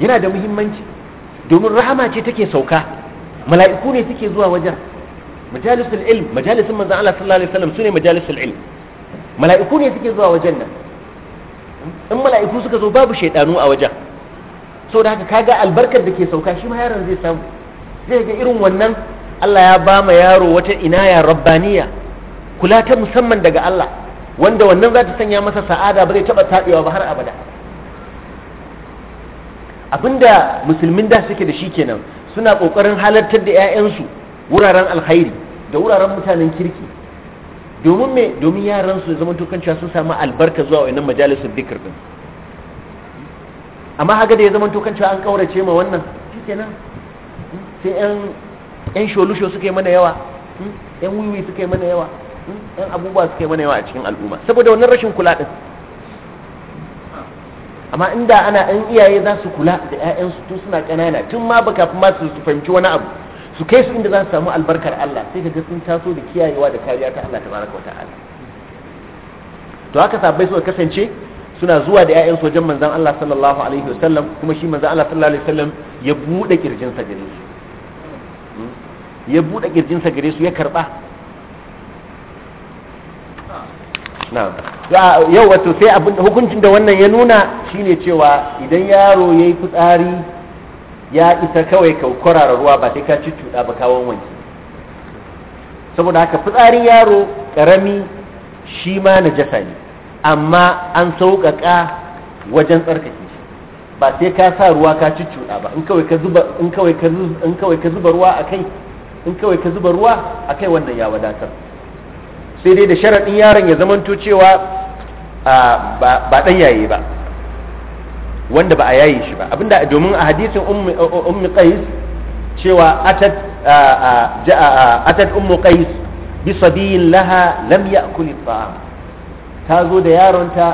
yana da muhimmanci domin rahama ce take sauka mala'iku ne suke zuwa wajen majalisul ilm majalisin manzon Allah sallallahu alaihi wasallam sune majalisul ilm mala'iku ne suke zuwa wajen nan in mala'iku suka zo babu shaidanu a wajen so da haka kaga albarkar da ke sauka shi ma yaron zai samu zai ga irin wannan Allah ya ba ma yaro wata inaya rabbaniya kula ta musamman daga Allah wanda wannan za ta sanya masa sa'ada ba zai taba tabewa ba har abada abinda musulmin da suke da shi kenan suna kokarin halartar da 'ya'yansu wuraren alkhairi da wuraren mutanen kirki domin me domin yaran su zama cewa sun samu albarka zuwa wannan majalisar dikir din amma haka da ya zama cewa an kaurace ma wannan shikenan hmm? sai yan yan sholusho suka yi mana yawa hmm? yan wiwi suka yi mana yawa yan abubuwa suke mana yawa a cikin al'umma saboda wannan rashin kula din amma inda ana ɗan iyaye za su kula da ƴaƴansu tun suna ƙanana tun ma ba kafin ma su fahimci wani abu su kai su inda za su samu albarkar Allah sai ka ga sun taso da kiyayewa da kariya ta Allah tabaraka wata'ala to haka sabbai suka kasance suna zuwa da ƴaƴansu wajen manzon Allah sallallahu alaihi wasallam kuma shi manzon Allah sallallahu alaihi wasallam ya buɗe sa hmm? gare su ya buɗe kirjinsa gare su ya karba. yau wato sai abin hukuncin da wannan ya nuna shine cewa idan yaro ya yi fitsari ya isa kawai ka kwarara ruwa ba sai ka ci cuɗa ba kawon wanki saboda haka fitsarin yaro ƙarami shi ma na jasa ne amma an sauƙaƙa wajen tsarkake shi ba sai ka sa ruwa ka ci cuɗa ba in kawai ka zuba ruwa a in ka zuba ruwa akai wannan ya wadatar sai dai da sharaɗin yaron ya zamanto cewa ba ɗan yaye ba wanda ba a yaye shi ba abinda domin a hadisin ummi qais cewa atat atat ummu qais bi sabiyin laha lam ya'kul at'am ta zo da yaronta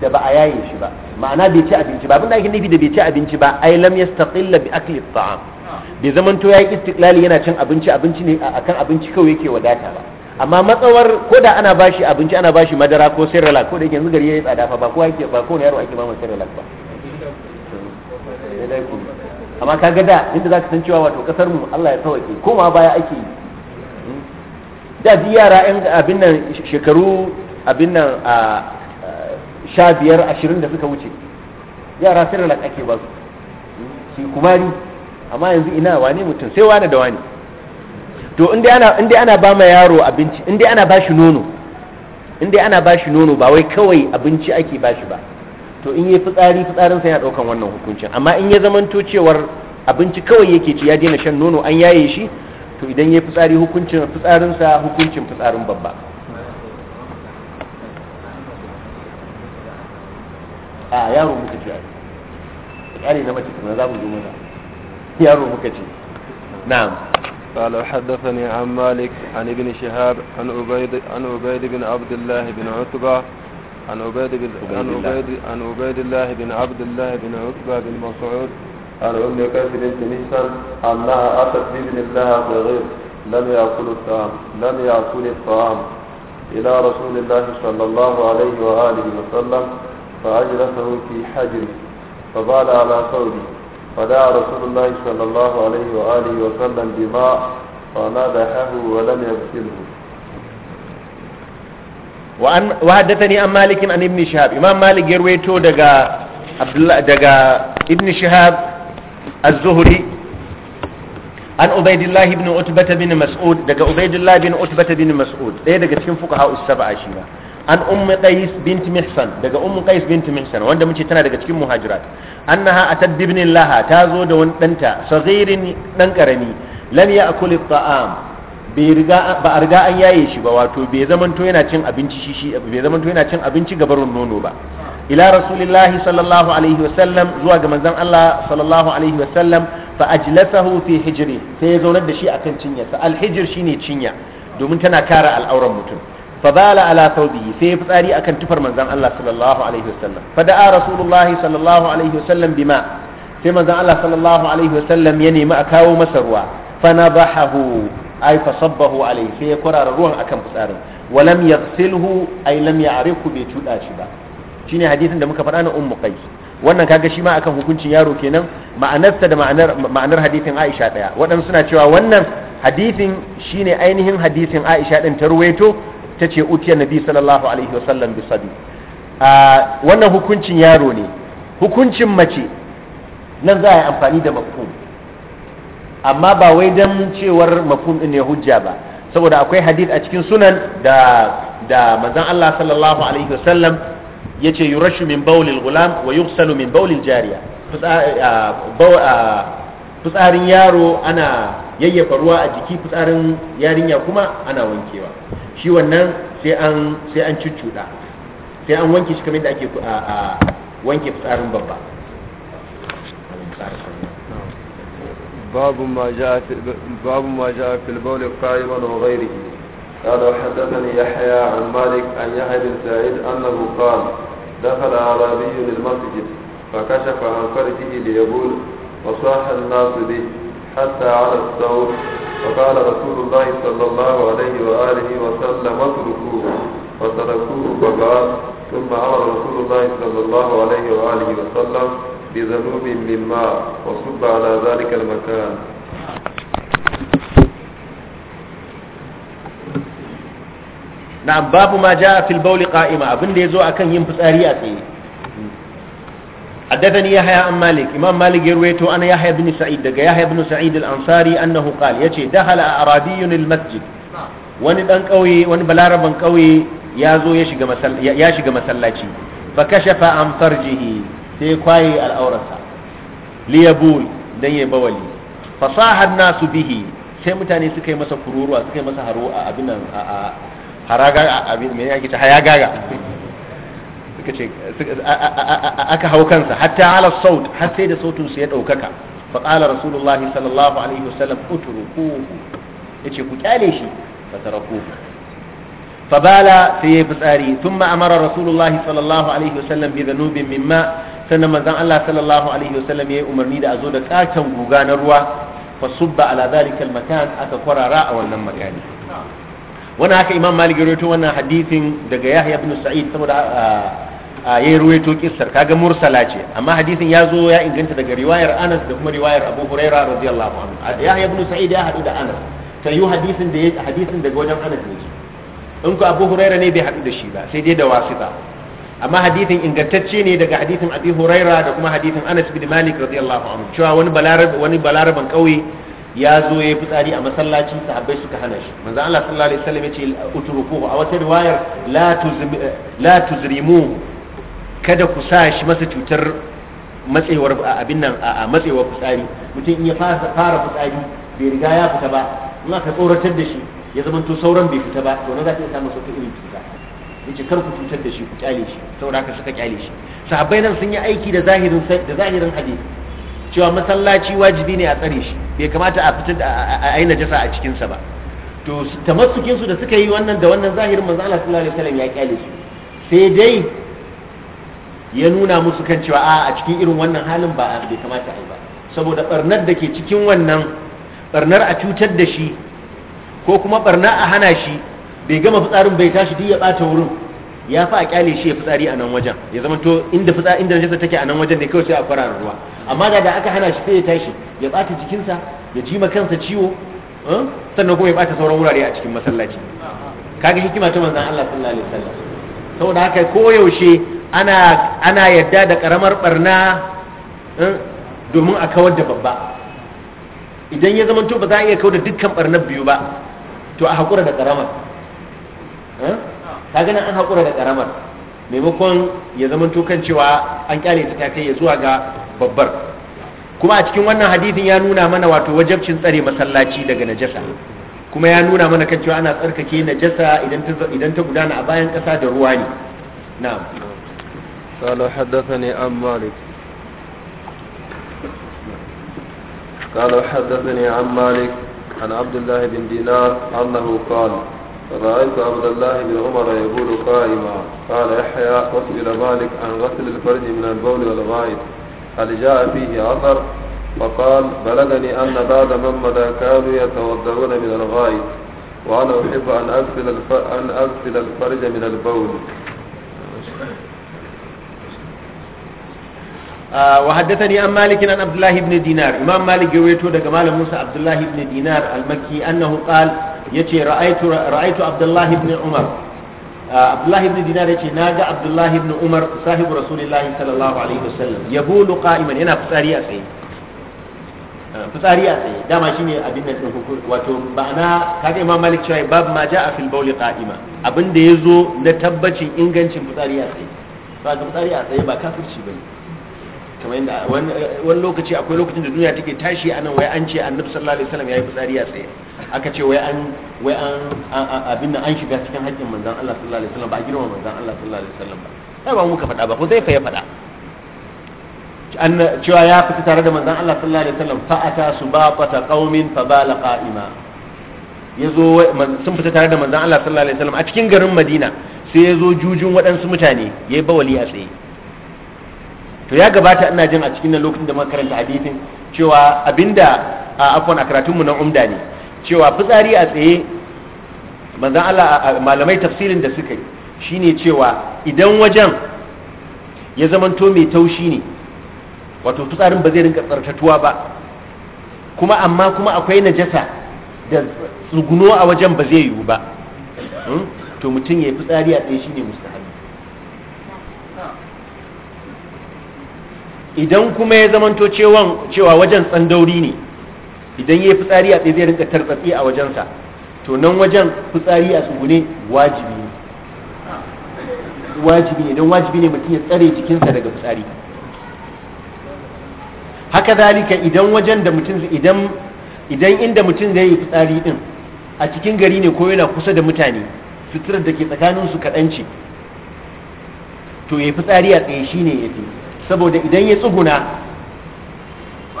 da ba a yaye shi ba ma'ana bai ci abinci ba abinda ake nufi da bai ci abinci ba ai lam yastaqilla bi akli at'am bai zamanto yayi istiqlali yana cin abinci abinci ne akan abinci kawai yake wadata ba amma matsawar ko da ana bashi abinci ana bashi madara ko sirralak ko da yake yanzu gari yi tsada fa ba ko yake ba kowane yaro ake ba sirralak ba amma kaga da inda zaka san cewa wato kasar mu Allah ya sauke koma baya ake yi da ji yara yan abin nan shekaru abin nan a sha biyar ashirin da suka wuce yara sirralak ake ba su kumari amma yanzu ina wane mutum sai wane da wane to in dai ana ba ma yaro abinci in dai ana ba shi nono in dai ana ba shi nono ba wai kawai abinci ake ba shi ba to in yi fitsari fitsarin sai ya daukan wannan hukuncin amma in ya zamanto cewar abinci kawai yake ci ya daina shan nono an yaye shi to idan ya fitsari hukuncin fitsarin sa hukuncin fitsarin babba a yaro muka ci tsari na mace kuma za mu zo yaro muka ci na'am قال حدثني عن مالك عن ابن شهاب عن عبيد عن عبيد بن عبد الله بن عتبة عن عبيد بن عن عبيد عن عبيد الله بن عبد الله بن عتبة بن مسعود عن أم كيف بنت محسن أنها أتت باذن الله بغير لم ياكلوا الطعام لم يأكل الطعام إلى رسول الله صلى الله عليه وآله وسلم فأجلسه في حجره فبال على صوته فدعا رسول الله صلى الله عليه وآله وسلم بماء waɗanda ya yi ahuhu wala ne bikinmu wa'anda ta ni an malikin an ibni shahab ima an malikin yarwato daga ibni shahab azuhurri an ubaitullah ibni utubata bin mas'ud daga ubaitullah bin utubata bin mas'ud ɗaya daga cikin fuka hausa ba'a shiga an ummi qais binti mihsan daga ummi qais binti mihsan wanda mu tana daga cikin muhajirat annaha a tadibnin lahaa ta da wani ɗanta saurayirin ɗan karami lam ya'kul at-ta'am bai riga ba a riga an yaye shi ba wato bai zamanto yana cin abinci shi shi bai zamanto yana cin abinci gabarun nono ba ila rasulillahi sallallahu alaihi wa sallam zuwa ga manzon Allah sallallahu alaihi wa sallam. fa ajlasahu fi hijri sai ya zaunar da shi akan cinyarsa alhijr shine cinya domin tana kare al'auran mutum fa bala ala thawbihi sai ya fitsari akan tufar manzon Allah sallallahu alaihi wa sallam. fa da'a rasulullahi sallallahu alaihi wa sallam bima sai manzon Allah sallallahu alaihi wa sallam ya nemi a kawo masa ruwa fanabahahu ay fasabbahu alayhi sai ya kwarara ruwan akan fitsarin wa lam yaghsilhu ay lam ya'rifu bai cuda shi ba shine hadisin da muka faɗa na ummu qais wannan kaga shi ma akan hukuncin yaro kenan ma'anarsa da ma'anar ma'anar hadisin Aisha daya waɗannan suna cewa wannan hadisin shine ainihin hadisin Aisha din ta ruwaito tace utiya nabi sallallahu alaihi wa sallam bi sadi wannan hukuncin yaro ne hukuncin mace nan za a yi amfani da mafhum amma ba wai dan cewar mafhum din ne hujja ba saboda akwai hadith a cikin sunan da da manzon Allah sallallahu alaihi wasallam yace yurashu min bawlil gulam wa yughsalu min bawlil jariya fitsarin yaro ana yayyafa ruwa a jiki fitsarin yarinya kuma ana wankewa shi wannan sai an sai an cuccuda sai an wanke shi kamar da ake wanke fitsarin babba باب ما جاء في باب ما جاء في البول قائما وغيره قال حدثني يحيى عن مالك عن يحيى بن سعيد انه قال دخل اعرابي للمسجد فكشف عن فرجه ليبول وصاح الناس به حتى على الثور فقال رسول الله صلى الله عليه واله وسلم اتركوه فتركوه فقال ثم امر رسول الله صلى الله عليه واله وسلم بظلوم مما وصب على ذلك المكان نعم باب ما جاء في البول قائمة ابن ديزو اكن ينفس ارياتي حدثني يحيى عن مالك امام مالك يرويته انا يحيى بن سعيد دقى يحيى بن سعيد الانصاري انه قال يتي دخل اعرابي المسجد وان دان قوي وان بلاربن قوي يازو يشيغ يا يشيغ مسلاتي فكشف عن فرجه sai kwaye al'aurarsa liyabul dan yayi bawali fasahan nasu bihi sai mutane suka yi masa kururuwa suka yi masa haro a abin a haraga abin ta hayagaga suka ce aka hau kansa hatta ala saut har sai da sautin ya ɗaukaka fa qala rasulullahi sallallahu alaihi wasallam utrukuhu yace ku kyale shi fa tarakuhu فبال في فساري ثم أمر رسول الله صلى الله عليه sannan manzon Allah sallallahu alaihi wasallam yi umarni da a zo da katon guga na ruwa fa subba ala dhalika makan aka kwarara a wannan makani wannan haka imam malik rawaito wannan hadisin daga yahya ibn sa'id saboda ah, ah, yayi rawaito kissar kaga mursala ce amma hadisin ya zo ya inganta daga riwayar anas da kuma riwayar abu huraira radiyallahu anhu yahya ibn sa'id ya hadu da anas ta yi hadisin da hadisin daga wajen anas ne in ku abu huraira ne bai hadu da shi ba sai dai da wasita amma hadithin ingantacce ne daga hadithin abi huraira da kuma hadithin anas bin malik radiyallahu anhu cewa wani balarab wani balaraban kauye ya zo ya fitsari a masallaci sahabbai suka hana shi manzo Allah sallallahu alaihi wasallam yace utrukuhu a wata riwayar la tuzrim la tuzrimu kada ku sa shi masa cutar matsewar abin nan a matsewar fitsari mutum in ya fara fara fitsari bai riga ya fita ba in aka tsoratar da shi ya zama to sauran bai fita ba to na za ta samu sauƙi irin cuta yace kar ku cutar da shi ku kyale shi saboda haka suka kyale shi sahabbai nan sun yi aiki da zahirin da zahirin hadisi cewa masallaci wajibi ne a tsare shi bai kamata a fitar a yi jasa a cikin sa ba to tamassukin su da suka yi wannan da wannan zahirin manzo Allah sallallahu alaihi wasallam ya kyale su sai dai ya nuna musu kan cewa a a cikin irin wannan halin ba bai kamata a yi ba saboda barnar da ke cikin wannan barnar a cutar da shi ko kuma barna a hana shi bai gama fitsarin bai tashi duk ya bata wurin ya fa a kyale shi ya fitsari a nan wajen ya zama to inda fitsa inda najasa take a nan wajen da kawai sai a fara ruwa amma da da aka hana shi sai ya tashi ya bata jikinsa ya jima kansa ciwo eh? sannan kuma ya bata sauran wurare a cikin masallaci kaga hikima ta manzon Allah sallallahu alaihi wasallam saboda haka yaushe ana ana yadda da karamar barna eh? domin a kawar da babba idan ya zama to ba za a iya kawar da dukkan barnar biyu ba to a hakura da karamar Eh? ka ganin an haƙura da ƙaramar maimakon ya zama tukan cewa an kyale ta kai ya zuwa ga babbar kuma a cikin wannan hadithin ya nuna mana wato wajabcin tsare masallaci daga najasa kuma ya nuna mana kan cewa ana tsarkake najasa idan ta gudana a bayan ƙasa da ruwa ne na'am قال حدثني عن مالك قال حدثني عن مالك عن عبد الله بن دينار أنه قال فرأيت عبد الله بن عمر يقول قائما قال يحيى إلى مالك عن غسل الفرج من البول والغائط هل جاء فيه أثر فقال بلغني أن بعد من مدى كانوا يتوضعون من الغائط وأنا أحب أن أغسل أن أغسل الفرج من البول آه، وحدثني عن مالك عن عبد الله بن دينار امام مالك يويتو daga malam Musa عبد الله بن دينار المكي انه قال yace ce ra'aitu abdullahi ibn umar ah, abdullahi ibn dinar yace ga abdullahi ibn umar sahibu rasulullahi sallallahu alaihi wasallam yabulu qa'iman yana fitsari a tsaye ah, fitsari a tsaye dama shine abin da din hukunci wato ba'ana kaga imam malik cewa bab ma ja'a fil bawli qa'ima abin da yazo na tabbacin ingancin fitsari a tsaye ba fitsari a tsaye ba kafirci bane kamar yadda wani lokaci akwai lokacin da duniya take tashi anan wai an ce annabi sallallahu alaihi wasallam yayi fitsari ya tsaye aka ce wai an wai an abin da an shiga cikin haƙƙin manzon Allah sallallahu alaihi wasallam ba a girma manzon Allah sallallahu alaihi wasallam ba sai ba muka faɗa ba ko zai fa ya faɗa an cewa ya fita tare da manzon Allah sallallahu alaihi wasallam fa ata subaqata qaumin fa bala qa'ima yazo sun fita tare da manzon Allah sallallahu alaihi wasallam a cikin garin Madina sai yazo jujun waɗansu mutane yayi bawali a tsaye to ya gabata ina jin a cikin nan lokacin da muka karanta hadisin cewa abinda afwan a karatunmu na umda ne cewa fitsari a tsaye manzan Allah malamai tafsirin da suka yi shine cewa idan wajen ya zamanto mai taushi ne wato fitsarin ba zai rinka tsartatuwa ba kuma amma kuma akwai najasa da tsuguno a wajen ba zai yiwu ba hmm? to mutum ya yi fitsari a tsaye shine mustahab idan kuma ya zamanto cewa wajen tsandauri ne idan ya yi fitsari a tsaye zai rinka tartsatsi a wajensa to nan wajen fitsari a tsugune wajibi ne wajibi ne don wajibi ne mutum ya tsare jikinsa daga fitsari haka zalika idan wajen da mutum idan idan inda mutum zai yi fitsari din a cikin gari ne ko yana kusa da mutane suturar da ke tsakaninsu kaɗan ce to ya fitsari a tsaye shine ya fi saboda idan ya tsuguna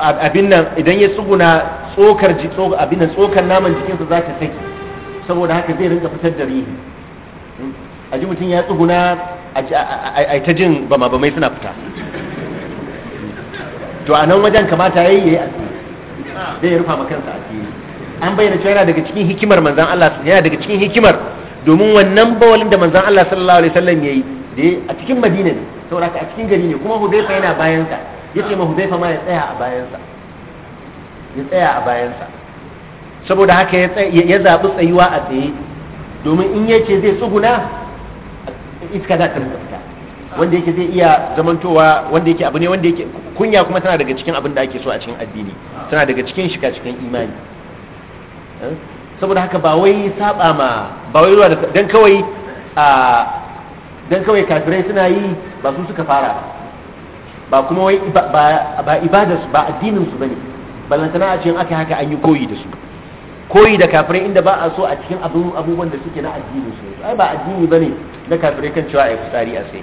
abin nan idan ya tsuguna tsokar ji abin nan tsokar naman jikinsa za ta saki saboda haka zai rinka fitar da rihi hmm? a ji mutum ya tsuguna a ta jin bama bamai suna fita to a nan wajen kamata ya yi ya yi zai rufa ma kansa a cikin. an bayyana cewa yana daga cikin hikimar manzan Allah yana daga cikin hikimar domin wannan bawalin da manzan Allah sallallahu alaihi wasallam yayi da a cikin madina ne saboda a cikin gari ne kuma hudaifa yana bayansa ya ce ma hudaifa ma ya tsaya a bayansa ya tsaya a bayansa saboda haka ya zaɓi tsayuwa a tsaye domin in ya ce zai tsuguna iska za ta fita wanda yake zai iya zamantowa wanda yake abu ne wanda yake kunya kuma tana daga cikin abin da ake so a cikin addini tana daga cikin shiga cikin imani eh? saboda haka ba wai saba ma ba wai dan kawai a ah, dan kawai kafirai suna yi ba su suka fara ba kuma wai ba ibadar su ba addinin su bane ballantana a cikin aka haka an yi koyi da su koyi da kafirai inda ba a so a cikin abubuwan da suke na addinin su ai ba addini bane na kafirai kan cewa ai fitsari a sai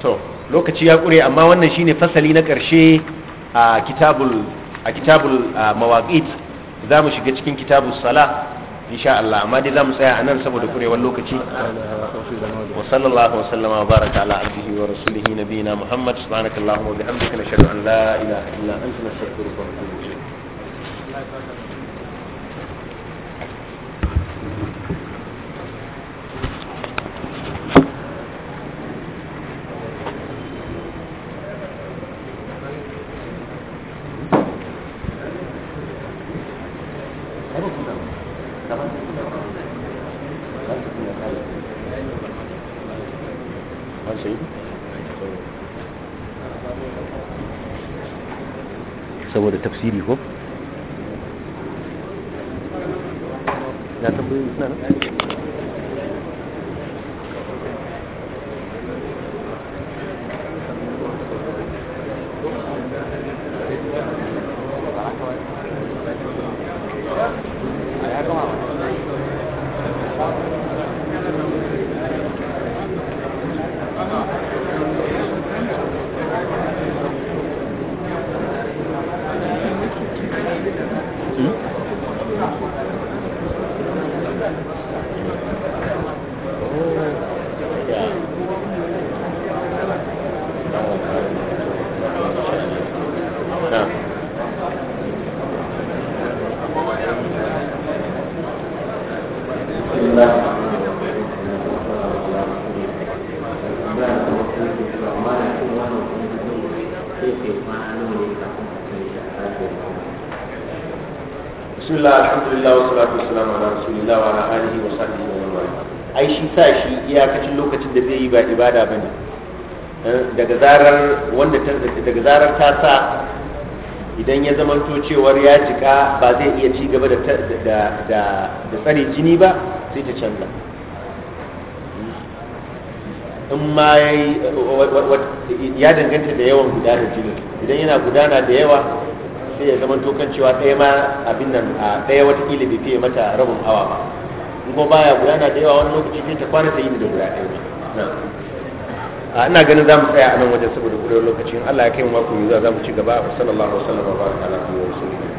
to lokaci ya kure amma wannan shine fasali na karshe a kitabul a kitabul mawaqit za mu shiga cikin kitabul salah insha Allah amma dai zamu tsaya anan saboda kurewar lokaci wa sallallahu wa sallama wa baraka ala abdihi wa rasulihi nabiyina muhammad subhanakallahumma wa bihamdika nashhadu an la ilaha illa anta nastaghfiruka wa natubu ilayk tafsiri ko na tambayoyi daga zarar ta sa idan ya to cewar ya jika ba zai iya ci gaba da tsare jini ba sai ta canza in ma ya danganta da yawan gudanar jini idan yana gudana da yawa sai ya zamanto kan cewa ɗaya ma abin nan a ɗaya watakila bai fiye mata rabin awa ba in ko baya gudana da yawa wani lokaci sai ta kwana ta yi da guda ɗaya Ah, ina ganin za mu tsaya a nan wajen saboda kudurin lokacin Allah ya kai mu mako yi za mu ci gaba sallallahu alaihi wasallam wa baraka ala